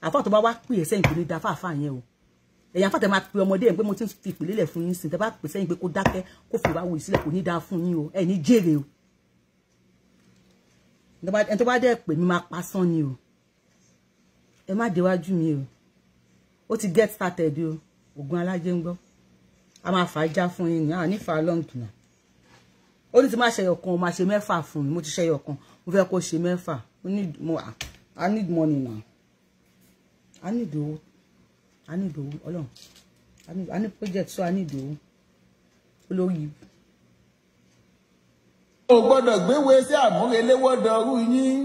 àfáà tó bá wá pè é sẹ́yìn kò ní da fáfá yẹn o ẹ̀yìn àfáà tẹ máa pe ọmọdé yẹn pé mo ti fi ìpìlẹ̀ lẹ̀ fún yín sìn tẹ bá pè sẹ́yìn pé kó dákẹ́ kó fi ìwáwo ìsílẹ̀ kò ní da fún yín o ẹ̀ ní jèrè o ẹni tó bá dẹ̀ pè mí máa pa sán ni o ẹ má déwájú mi o ó ti get started o ògùn alájẹ ń gbọ́ a máa fà á já fún yín ní àwọn nífà lọ́ǹkìnà ó ní ti má ṣẹyọ kan má ṣe mẹ́fà fún mi mo ti ṣẹyọ kan mo fẹ́ kó ṣe mẹ́fà ah, I need money now I need owó I need owó ọlọ́run I need I need project so I need owó olórí ibu o gbọ́dọ̀ gbéwèé sí àmúreléwọ́dọ̀ọ́rù yín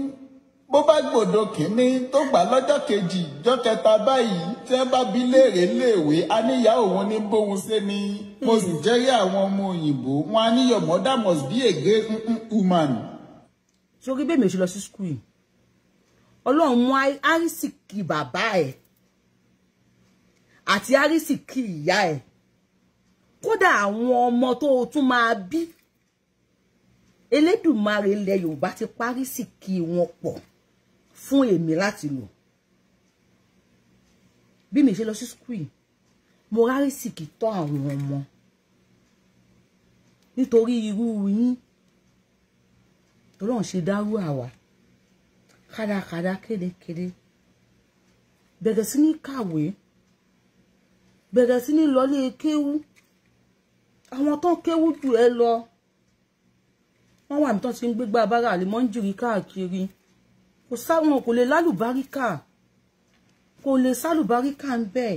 bó bá gbọ́dọ̀ kínní tó gbà lọ́jọ́ kejì jọ́ kẹta báyìí tí wọ́n bá bí léèrè léèwé a níyà òun ní bóun ṣe ni hmm. mo sì jẹ́rí àwọn ọmọ òyìnbó wọn a ní your must be a great mm, mm, woman. sórí bẹ́ẹ̀ mi ò ṣe lọ sí skul yìí ọlọ́run mú àrísìkì bàbá ẹ̀ àti àrísìkì ìyá ẹ̀ kódà àwọn ọmọ tó o tún máa bí Elédùmarè ilẹ̀ Yorùbá ti parí sìkì wọn pọ̀ fún èmi láti lò bí mi ṣe lọ sí school mo rárí sì kì tọ́ àwọn ọmọ nítorí irú yín ọlọ́run ṣe dárú àwa kádàkádà kédekéde bẹ̀rẹ̀ sí ní kàwé bẹ̀rẹ̀ sí ní lọlé kéwú àwọn tó kéwú jù ẹ lọ wọ́n wà ní tó ti ń gbégbá bára àlè mọ́ ń jìrì káàkiri kò sáwọn kò lè lálùbáríkà kò lè sálùbáríkà ń bẹ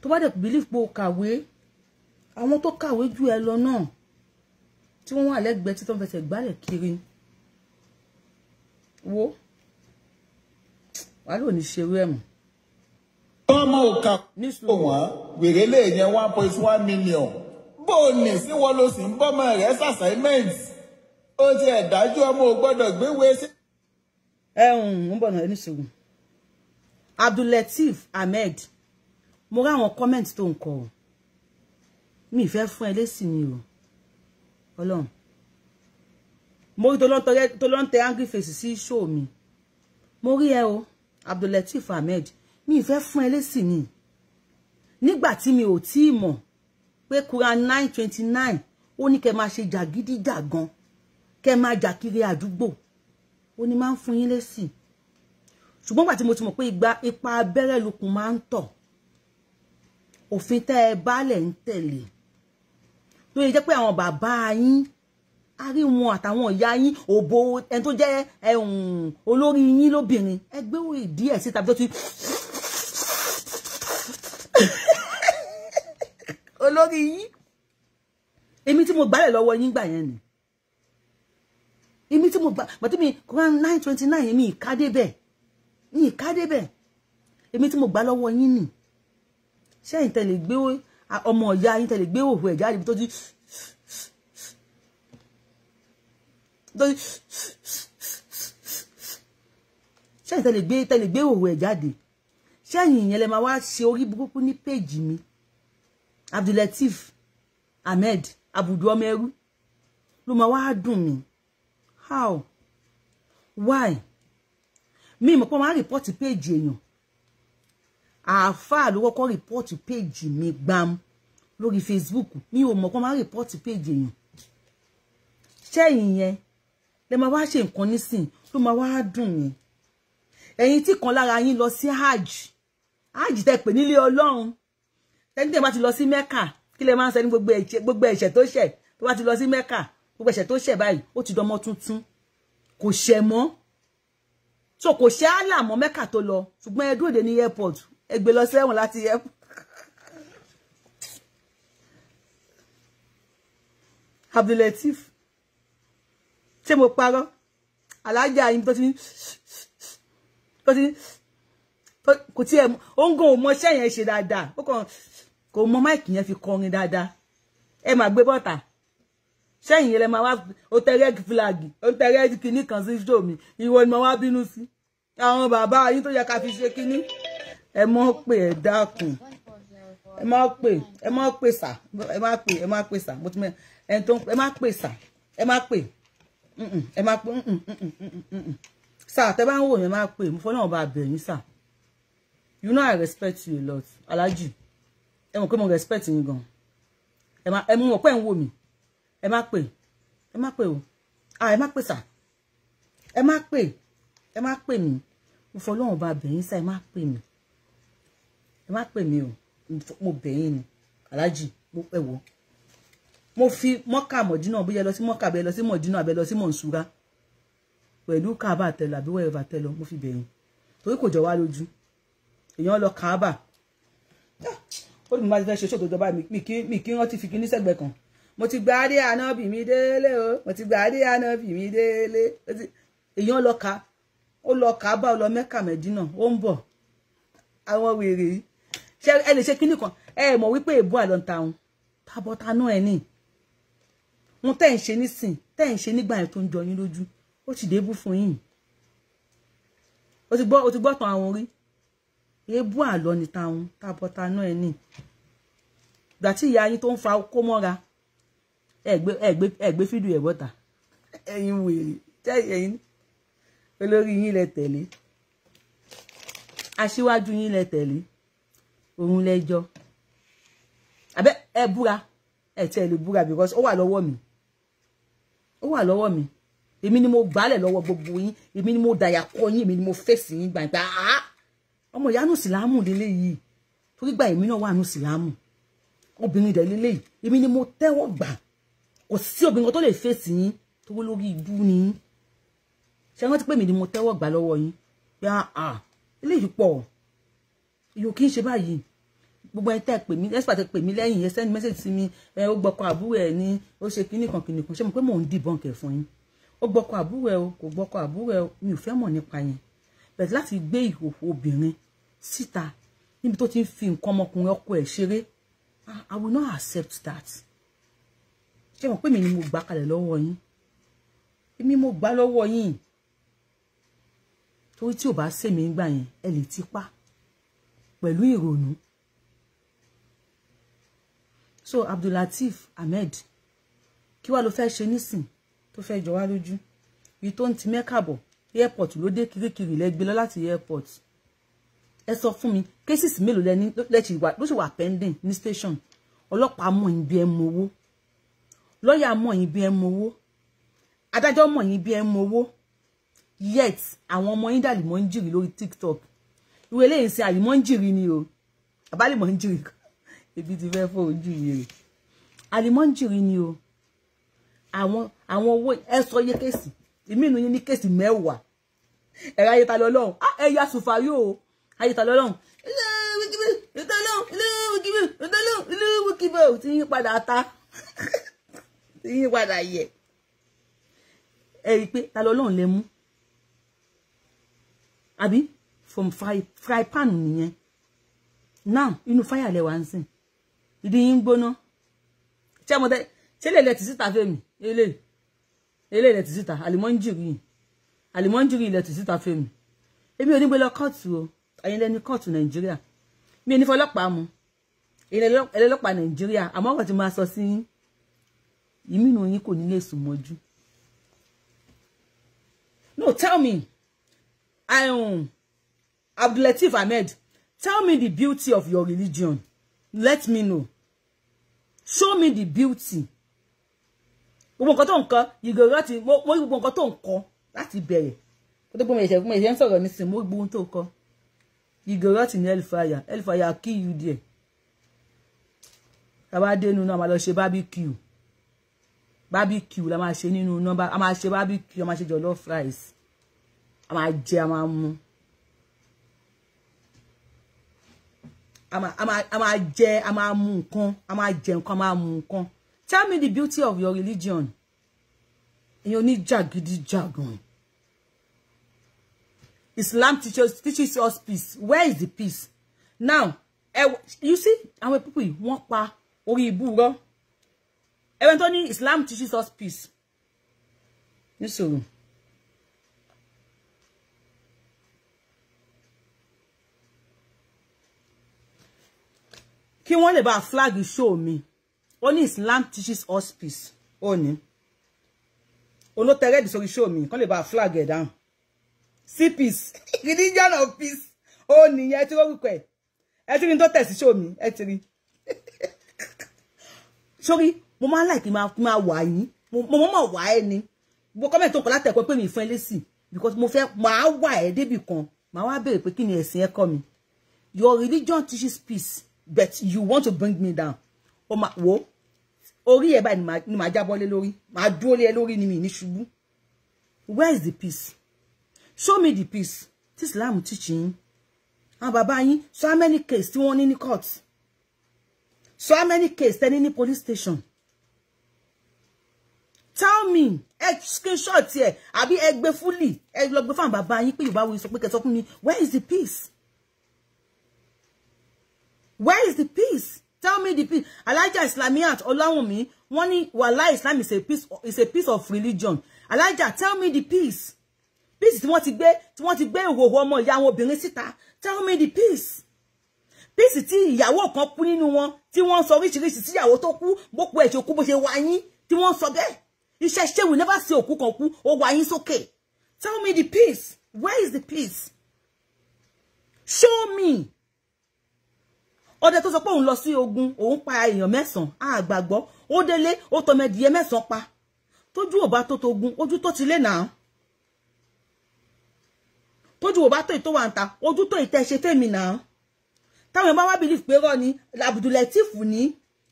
tó bá dẹ̀ bílíf pé o kàwé àwọn tó kàwé jù ẹ lọ náà tí wọ́n wà lẹ́gbẹ̀ẹ́ tí tó ń fẹsẹ̀ gbálẹ̀ kiri wo wà lóò ní ṣerú ẹ̀ mọ́. wọ́n mọ òkà kó wọ́n wèrè lè yẹn one point one million bó o nì sí wọn ló sì ń bọ́mọ rẹ̀ sàṣàìmẹ́ǹtì ó ti ẹ̀ dájú ọmọ ò gbọ́dọ̀ gbéwèé sí ẹ̀hún ń bọ̀ náà ẹni sùn Abdulateef Ahmed mo rí àwọn kọ́mẹ̀ntì tó ń kọ o mi fẹ́ fún ẹ lésì mi o ọlọ́run mo rí tó lọ́n tẹ angry face sí show mi mo rí ẹ o Abdulateef Ahmed mi fẹ́ fún ẹ lésì mi nígbà tí mi ò tí ì mọ̀ pé kura nine twenty nine ó ní kẹ́ máa ṣe jàgídíjàgan kẹ́ máa jà kiri àdúgbò ó ní máa ń fún yín lésì ṣùgbọ́n gbà tí mo ti mọ̀ pé ìgbà ipa abẹ́rẹ́ lukùn máa ń tọ̀ òfin tẹ́ ẹ baálẹ̀ ń tẹ̀lé tó yẹ jẹ́ pé àwọn bàbá yín a rí wọn àtàwọn ìyá yín òbò ẹni tó jẹ́ olórí yín lóbìnrin ẹ gbé òrì díẹ̀ síta tó ti olórí yín èmi tí mo gbálẹ̀ lọ́wọ́ yín gbà yẹn nìí èmi tí mo gbà bàtí mi Quran nine twenty nine èmi ìka débẹ̀ ní ìka débẹ̀ èmi tí mo gbà lọ́wọ́ yín nì ṣé ẹ̀yin tẹ̀lé gbé ọmọ ìyá yín tẹ̀lé gbé òhù ẹ̀ jáde tó ti ṣé ẹ̀yin tẹ̀lé gbé tẹ̀lé gbé òhù ẹ̀ jáde ṣé ẹ̀yin ìyẹn lẹ máa wá ṣe orí burúkú ní péèjì mi Abdulateef Ahmed abudu ọmọ ẹrú ló máa wá dùn mí how why mi mọ̀ pé wọ́n á page, péèjì èèyàn àáfàá ló kọ́kọ́ rìpọ́ọ̀tì péèjì mi gbam lórí Facebook mi ò mọ̀ pé wọ́n á rìpọ́ọ̀tì péèjì èèyàn ṣẹ́yìn yẹn lẹ máa wá ṣe nǹkan nísìn ló máa wá dùn mí ẹ̀yin tí kan lára yín lọ sí hajj hajj tẹ pè nílé Ọlọ́run tẹ́ni tẹ́ bá ti lọ sí Mẹ́kà kí lẹ máa ń sẹ ní gbogbo ẹ̀ṣẹ̀ tó ṣẹ̀ tó bá ti lọ sí Mẹ́kà gbogbo ẹ̀ṣẹ̀ tó ṣẹ̀ báyìí ó ti dọmọ tuntun kò ṣẹ̀ mọ́ so kò ṣẹ̀ Allah mọ́ Mẹ́kà tó lọ ṣùgbọ́n ẹ dúró dè ní airport ẹ gbé lọ sẹ́wọ̀n láti airport. Abdulateef ṣé mo parọ́ alájà yín tó ti ní tó ti ní kò tiẹ̀ ó ń gan òmọṣẹ́ yẹn ṣe dáadáa ó kàn kò mọ máìkì yẹn fi kọrin dáadáa ẹ máa gbé bọ́ta sẹ́yìn yẹn lẹ máa wá tẹ red flag ó tẹ red kinní kan sí ṣó mi ìwọ ni mo wá bínú sí àwọn bàbá yín tó yẹ ká fi ṣe kinní ẹ mọ́ pé ẹ dákun ẹ má pè ẹ má pè sà ẹ má pè ẹ má pè sà mo ti mẹ ẹ tó ẹ má pè sà ẹ má pè ẹ má pè sà tẹ bá ń wò yẹn má pè mo fọ́ náà bá bẹ̀ yín sà you know I respect you a lot Alhaji ẹ mọ̀ pé mo respect yín gan ẹ mọ̀ pé ń wò mí ẹ má pè ẹ má pè o ẹ má pè sà ẹ má pè ẹ má pè mí mo fọ ọlọ́run bá bẹ̀yìn sá ẹ má pè mí ẹ má pè mí o mo bẹ̀yìn ni aláàjì mo pẹ̀ wọ́ mo fi mọ́kà mọ̀dínà bóyá lọ sí mọ́kà bẹ́ẹ̀ lọ sí mọ̀dínà abẹ́ lọ sí mọ̀nsúra pẹ̀lú káàbà tẹ̀lọ àbí wẹ́ẹ̀bà tẹ̀lọ mo fi bẹ̀yìn torí kò jọ wá lójú èèyàn lọ káàbà ah! ó ní mo máa fẹ́ ṣe ṣòtò ìjọba mi kí rántí fi kí ní sẹ́gbẹ̀ẹ́ kan mo ti gba adé anábì mi délé o mo ti gba adé anábì mi délé èèyàn lọ ka ó lọ ka bá ọ lọ mẹ́kà mẹ́dínà ó ń bọ̀ àwọn wèrè yìí ṣe ẹ lè ṣe kínní kan ẹ mọ̀ wípé èbú àlọ́ntàun tábọ́tà náà ẹ̀ ní wọn tẹ́ ń ṣe nísìn tẹ́ ń ṣe nígbà yẹn tó ń jọ yín lójú ó sì débú fún yín o ti gbọ́ o ti gbọ́ tán àwọn orí èébú àlọ́ ni tàun tábọ́tà náà ẹ̀ ní ìgbà tí ìyá yín tó ń fa kó mọ́ra ẹgbẹ ẹgbẹ ẹgbẹ fídíò ẹ bọta ẹ̀yin wèrè tẹ ẹ̀yin olórí yín lẹ tẹ̀lé aṣíwájú yín lẹ tẹ̀lé òun lẹjọ abẹ ẹ búra ẹ tẹ lè búra because ó wà lọ́wọ́ mi ó wà lọ́wọ́ mi èmi ni mo gbálẹ̀ lọ́wọ́ gbogbo yín èmi ni mo dàyà kọ yín èmi ni mo fèsì yín gbàgbà ọmọ ìyá nù sílámù délé yìí torí gba èmi náà wà nù sílámù obìnrin dẹ̀ lélẹ́yìí èmi ni mo tẹ́wọ́ gbà kò sí obìnrin tó lè fèsì yín tó wó lórí ibú ni yín ṣé wọ́n ti pè mí ni mo tẹ́wọ́ gbà lọ́wọ́ yín pé àà ah, ah, eléyìí pọ̀ yóò kí n ṣe báyìí gbogbo ẹ tẹ pè mí ẹsùn àti pè mí lẹ́yìn ẹ send message sí mi ẹ ó gbọkọ àbúrò ẹ ní ó ṣe kíní kan kíní kan ṣé mo pé mò ń dìbọn kẹ yín ó gbọkọ àbúrò ẹ o kò gbọkọ àbúrò ẹ o mi ò fẹ́ mọ̀ nípa yẹn bẹ̀rẹ̀ láti gbé ìhòòhò obìnrin síta níbi tó ti ń fi nǹkan ọmọkùnrin ọkọ ẹ̀ ṣeré ah, I will not accept that ṣé mo pé mi ni mo gbà kalẹ̀ lọ́wọ́ yín èmi mo gbà lọ́wọ́ yín torí tí ò bá sèmi ń gbà yẹn ẹ lè tipa pẹ̀lú ìrònú so Abdulateef Ahmed kí wàá ló fẹ́ ṣe nísìn tó fẹ́ jọ wá lójú ibi tó ń ti mẹ́kà bọ̀ airport ló dé kirikiri lẹ́gbẹ́ lọ láti airport ẹ sọ fún mi cases mélòó lẹ́ni lẹ́tì wà ló sì wà pending ní station ọlọ́pàá mú ìgbé ẹ mọ owó lọ́yà mọ̀ yín bí ẹ mowó adájọ́ mọ̀ yín bí ẹ mowó yet àwọn ọmọ yín dàlí mọ́ ń jìrì lórí tiktok ìwé eléyìí ṣe àyè mọ́ ń jìrì ni o àbálẹ̀ mọ́ ń jìrì ebi ti fẹ́ fọ́ ojú yìí rè àlìmọ́ ń jìrì ni o àwọn àwọn owó ẹ sọ yé kéèsì èmi ìnú yín ní kéèsì mẹ́wàá ẹ̀rọ ayé ta lọ lọ́hùn ah, ẹ ya sùfàrí o ayé ta lọ lọ́hùn ilé wikibé ìtọ́lọ́hùn ilé wikibé ìtọ́lọ́hùn ilé wikibé ò ti yín padà ta yín padà yẹ ẹ rí i pé ta lọ́lọ́run lè mú àbí from fry, fry pan nìyẹn now inú fáyà lẹ wà ń sìn ìdí yín gbóná ṣé mo tẹ ṣé lè lẹ tì síta fẹmi ele ele lẹ tì síta àlìmọ́njìrì yìí àlìmọ́njìrì lẹ tì síta fẹmi èmi ò ní gbé lọ kóòtù o ẹ̀yin lẹni kóòtù nàìjíríà mi ò ní fọlọ́pàá mu ẹ̀yin lẹ́lọ́pàá nàìjíríà àmọ́ ọ̀rọ̀ tí mo sọ sí yín ìmínú yín kò ní lè sùn mọ́jú. no tell me I um, Abdulateef Ahmed tell me the beauty of your religion let me know show me the beauty gbogbo nǹkan tó ń kọ ìgò láti mo rí gbogbo nǹkan tó ń kọ láti bẹ̀rẹ̀ kó tó gbọ́n ẹ̀ṣẹ̀ fún ẹ̀ṣẹ̀ ń sọ̀rọ̀ nísìnyí mo rí gbogbo ohun tó kọ ìgò láti ní hellfire hellfire kill you there tàbá dénú náà máa lọ ṣe barbecue barbecue la máa ṣe nínú nọ́mbà a máa ṣe barbecue a máa ṣe jollof rice a máa jẹ a máa mu a máa jẹ a máa mu nǹkan a máa jẹ nǹkan a máa mu nǹkan tell me the beauty of your religion èèyàn ní jàgídíjàgan Islam teaches teaches us peace where is the peace now you see àwọn people yìí wọ́n pa orí ibú rọ́ ẹ̀wẹ̀ tó Islam teaches us peace nísòro. kí wọ́n lè bá flag you show me? Only Islam teaches us peace Only. ní olótẹ́rẹ́dì sórí show me. kán lè bá flag ẹ̀ down see peace religion of peace Only. nìyẹn tí wọ́n wípé ẹ ti rí tó show mi ẹ ti mo máa ń láìkí máa wà yín mo máa wà ẹ́ ni bó kọ́mẹ̀ tó kọ́ látẹ̀kọ́ pé mi ìfún ẹ lésì because mo fẹ́ máa wà ẹ́ débì kan máa wá béèrè pé kí ni ẹ̀sìn ẹ kọ́ mi your religion teaches peace but you want to bring me down o ma wo orí ẹ báyìí ni màá jábọ́ lé lórí màá dúró lé ẹ lórí ni mi ní ṣubú where is the peace show me the peace tí Islam teach yín àwọn bàbá yín so how many case tí wọ́n ní ní court so how many case tẹ́ni ní police station tell me ẹ screenshot ẹ àbí ẹ gbé fully. ẹ lọ gbé fáwọn bàbá yín pé yorùbá wo sọ pé kẹsọ fún mi where is the peace where is the peace tell me the peace alaja islamiyat ọláwùnmí wọn ní wàhálà islam is a peace is a peace of religion alaja tell me the peace peace tí wọ́n ti gbé tí wọ́n ti gbé ìhòhò ọmọ ìyá wọn obìnrin síta tell me the peace peace tí ìyàwó kan kú nínú wọn tí wọ́n sọ oríṣiríṣi síyàwó tó kú bó kú ẹ̀ṣẹ̀ kú bó ṣe wá yín tí wọ́n so bẹ́ẹ̀ iṣẹ́ ṣe we never see òkú kan kú ó wà yín sókè tell me the peace where is the peace show me ọdẹ tó sọ pé òun lọ sí ogun òun pa èèyàn mẹ́sàn-án àgbàgbọ́ ó délé ó tọmẹdìyẹ mẹ́sàn-án pa tójú ò bá tó togun ojú tó ti lé nàá tójú ò bá tó ìtò wà ń ta ojú tó ìtẹ́ ṣe fẹ́mi náà táwọn ẹ̀mọ́ wá bìlíf pé rọ́ ni Abdulateef ní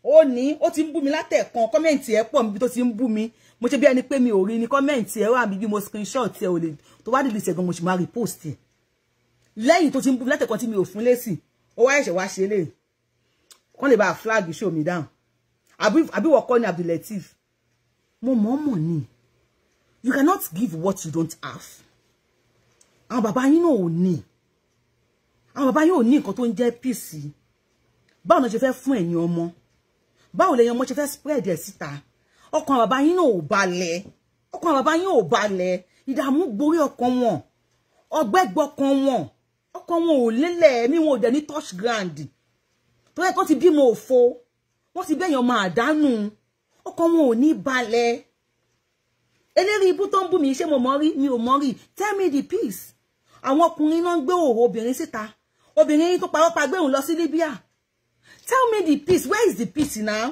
ó ní ó ti ń bú mi látẹ̀kan kọ́mẹ̀ntì ẹ̀ pọ̀ mo ṣe bí ẹni pé mi ò rí ní kọ́mẹ́ǹtì ẹ̀rọ àbí bí mo screenshot ẹ̀ ò lè tó wá dìlì ṣẹ̀gàn mo sì máa repost ẹ̀ lẹ́yìn tó ti ń bu lẹ́tẹ̀kan tí mi ò fún lésì ó wá ẹ̀ṣẹ̀ wá ṣe lè kán lè bá flag show mi down àbí wọ́n kọ́ ni Abdulateef mo mọ̀ mọ̀ ni you cannot give what you don't have àwọn bàbá yín náà ò ní àwọn bàbá yín ò ní nǹkan tó ń jẹ́ peace báwo ni wọ́n ṣe fẹ́ fún ẹ̀yin ọmọ báwo lẹ̀yin ọmọ ṣe fẹ́ spread ẹ̀ síta ọkàn bàbá yín náà ò balẹ̀ ọkàn bàbá yín ò balẹ̀ ìdààmú gborí ọkàn wọn ọgbẹ́ gbọ́kàn wọn ọkàn wọn ò lélẹ̀ ẹ̀mí wọn ò dẹ̀ ní touch ground tó yẹ kó ti bímọ òfo wọ́n ti bẹ́yàn máa dánù ọkàn wọn ò ní balẹ̀ eléri ibú tó ń bú mi ṣé mo mọ̀ rí mi ò mọ̀ rí tell me the peace àwọn ọkùnrin náà ń gbé òwò obìnrin síta obìnrin tó parọ́ pa gbé òun lọ sí Libya tell me the peace where is the peace now.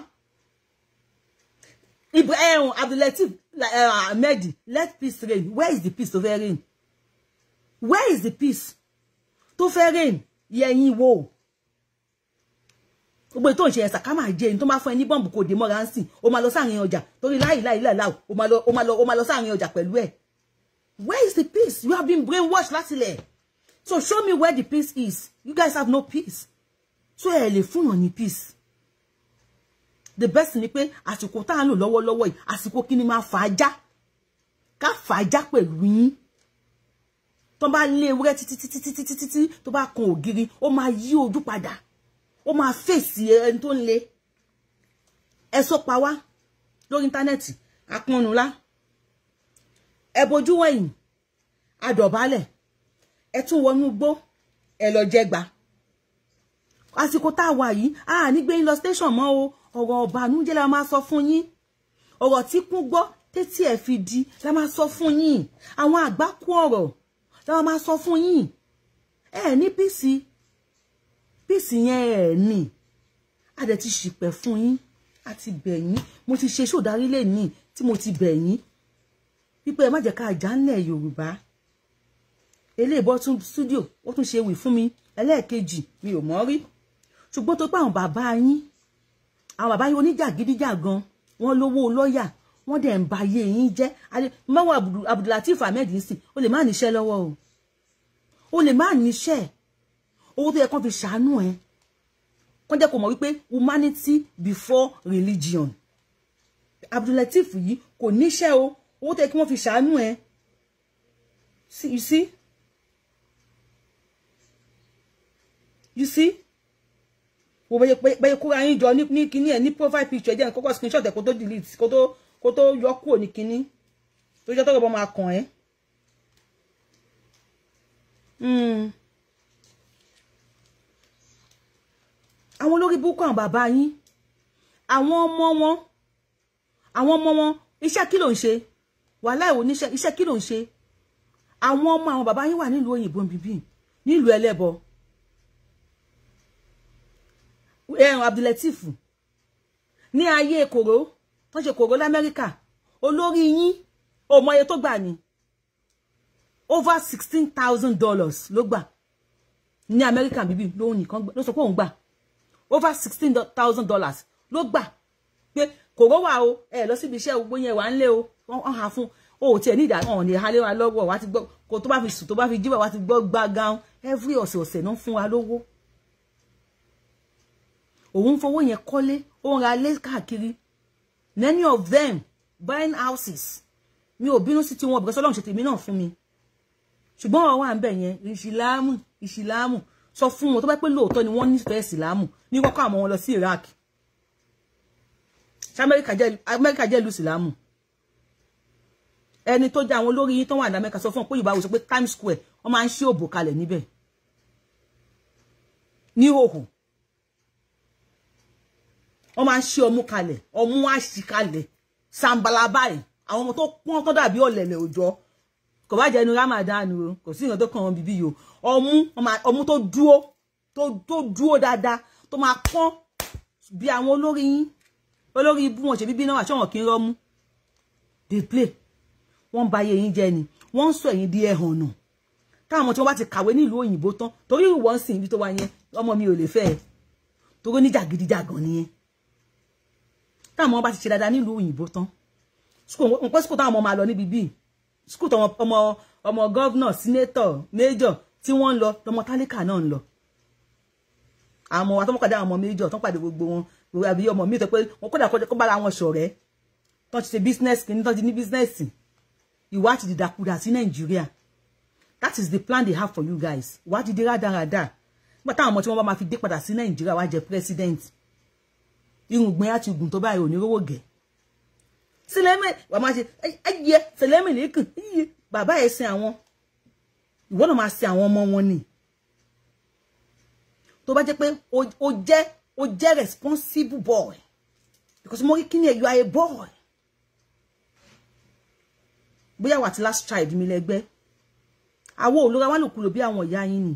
Ibrahim um, Abdulatif uh, Ahmed, let peace reign. Where is the peace to fẹ́ reign? Where is the peace to fẹ́ reign? Yẹ̀yin wo. Gbogbo tó ń ṣe ẹ̀sà ká máa jẹ ẹni tó máa fún ẹ ní bọ́ǹbù kò dé O máa lọ sáàrin ọjà torí láì láì láì láò. O máa lọ o máa lọ o máa lọ sáàrin ọjà pẹ̀lú ẹ̀. Where is the peace? You have been brainwashed láti lẹ̀. So show me where the peace is. You guys have no peace. So ẹ lè fún yàn ní peace the best ni pé àsìkò tá à ń lò lọ́wọ́lọ́wọ́ yìí àsìkò kí ni máa fà á já ká fà á já pẹ̀lú yín tó bá lé ewúrẹ́ títí títí títí títí tí tó bá kan ògiri ó máa yí ojú padà le ẹ sọ pa wá lórí íńtánẹ́ẹ̀tì apọnulá ẹ bojú wẹ̀yìn adọ̀bálẹ̀ ẹ tún wọnú gbó ẹ lọ jẹgba àsìkò tá a wà yìí a ní gbé yín lọ station mọ́ o ọ̀rọ̀ ọ̀bànújẹ́ la máa sọ fún yín ọ̀rọ̀ tí kún gbọ́ tẹ́tí ẹ̀ fi di la máa sọ fún yín àwọn àgbákò ọ̀rọ̀ la máa sọ fún yín ẹ ní píìsì píìsì yẹn ẹ ní a dẹ̀ ti ṣìpẹ̀ fún yín a ti bẹ̀ yín mo ti ṣe sódarí lè ní tí mo ti bẹ̀ yín wípé ẹ má jẹ́ ká àjà ńlẹ̀ Yorùbá eléèbọ̀ tún stúdíò ó tún ṣe wì fún mi ẹlẹ́ẹ̀kejì mi ò mọ̀ rí ṣùgbọ́n tó pé bàbá yín àwọn bàbá yìí oníjàgídíjàgan wọ́n lówó lọ́ọ̀yà wọ́n dẹ̀ ń ba ayé yín jẹ́ mọ́wọ́ Abdulatif, Ahmed ń sìn o lè má níṣẹ́ lọ́wọ́ o o lè má níṣẹ́ owó tó yẹ kán fi ṣàánú ẹ kán jẹ́ kó mọ̀ wípé humanity before religion Abdulateef yìí kò níṣẹ́ o owó tó yẹ kí wọ́n fi ṣàánú ẹ you see you see wo bẹ́ẹ̀ bẹ́ẹ̀ kóra yín jọ ní kíní ẹ̀ ní profile picture jẹ́ kọ́kọ́ screenshot ẹ̀ kó tó delete kó tó kó tó yọ kúrò ní kíní tó jẹ́ tọ́gbọ̀n máa kàn ẹ́. Hmm. àwọn olórí burúkú àwọn bàbá yín àwọn ọmọ wọn àwọn ọmọ wọn iṣẹ́ kí ló ń ṣe wàhálà ìwò níṣẹ́ iṣẹ́ kí ló ń ṣe àwọn ọmọ àwọn bàbá yín wà nílùú òyìnbó bíbí nílùú ẹlẹ́bọ̀ọ́ Eh, Abdulateef ní ayé kòró tó ṣe kòró l'Amẹ́ríkà olórí yín ò mọye tó gbà ni. over sixteen thousand dollars ló gbà ní Amẹ́ríkà bíbí lóhun nìkan ló sọ pé òun gbà over sixteen thousand dollars ló gbà pé kòró wà o ẹ lọ síbi iṣẹ́ gbogbo yẹn wà ń lé o wọ́n hàn fún o ò tiẹ̀ ní ìdá wọn ò ní halé wa lọ́wọ́ wa ti gbọ́ kó tó bá fi sùn tó bá fi jíbọ̀ wa ti gbọ́ gbá gan every ọ̀sẹ̀ ọ̀sẹ̀ ló ń wa lówó òun fowó yẹn kọ́lé ó ń ra ilé káàkiri many of them buying houses mi ò bínú sí tiwọn because Ọlọ́run ṣe tèmi náà fún mi ṣùgbọ́n ọ̀rọ̀ wà ń bẹ̀ yẹn ìsìláàmù ìsìláàmù sọ fún wọn tó bá pé lóòótọ́ ni wọ́n nífẹ̀ẹ́ ìsìláàmù ní kọ́kọ́ àwọn wọn lọ sí Iraq ṣé Amẹ́ríkà jẹ́ ìlú ìsìláàmù ẹni tó jẹ́ àwọn olórí yìí tó wà ní Amẹ́ríkà sọ fún wọn pé Yorùbá wò sọ pé Times Square wọ́n máa ń ṣí òbò kalẹ̀ níbẹ̀ ní òhùn wọ́n máa ń ṣe ọmú kalẹ̀ ọmú àṣì kalẹ̀ sambalaba yìí àwọn ọmọ tó pọ́n tó dàbí ọ̀lẹ̀lẹ̀ òjọ́ kò bá jẹ́ inú Ramadan o kò sí nǹkan tó kàn wọ́n bíbí yìí o ọmú ọmú tó dúó tó dúó dáadáa tó máa pọ́n bí àwọn olórí yín olórí ibú wọn ṣe bíbí náà àṣọ wọn kì í rọ́mú dey play wọ́n ba ayé yín ni wọ́n ń sọ ẹ̀yìn di ẹ̀hàn nà káwọn tí wọ́n bá ti kàwé nílùú òyìnbó tán torí ìwọ ń sìn ibi tó wá ọmọ mi ò lè fẹ́ ẹ torí ní jàgídíjàgàn nìyẹn táwọn ọmọ bá ti ṣe dáadáa nílùú òyìnbó tán nǹkan sùkúl táwọn ọmọ máa lọ níbi bíi sùkúl tọmọ ọmọ ọmọ gọ́vnọ̀ sínétọ̀ méjọ tí wọ́n ń lọ lọmọ tálíkà náà ń lọ àwọn ọmọ àtọmọkàdá àwọn ọmọ méjọ tó ń pàdé gbogbo wọn àbí ọmọ mi tó pé wọn kódà kó bára wọn ṣọ̀rẹ́ tó ti ṣe business kìíní tó ti ní business ìwà àti sí nàìjíríà that is the plan they have for you guys ìwà àti dìradàradà nígbà táwọn ọmọ tí wọ́n bá máa fi dé padà sí nàìjíríà wá jẹ president irùngbọ̀n á ti gùn tó báyìí ò ní rówó gẹ̀ sílẹ̀mì wà máa ṣe ẹyẹ sílẹ̀mì lẹ́kàn iye bàbá ẹ̀ sin àwọn ìwọ náà máa sin àwọn ọmọ wọn ni tó bá jẹ́ pé o jẹ́ o jẹ́ responsible boy because mo rí kí ni you are a boy bóyá wà ti last child mi lẹ́gbẹ́ àwọn olóra wà lòkulò bí àwọn ìyá yín ni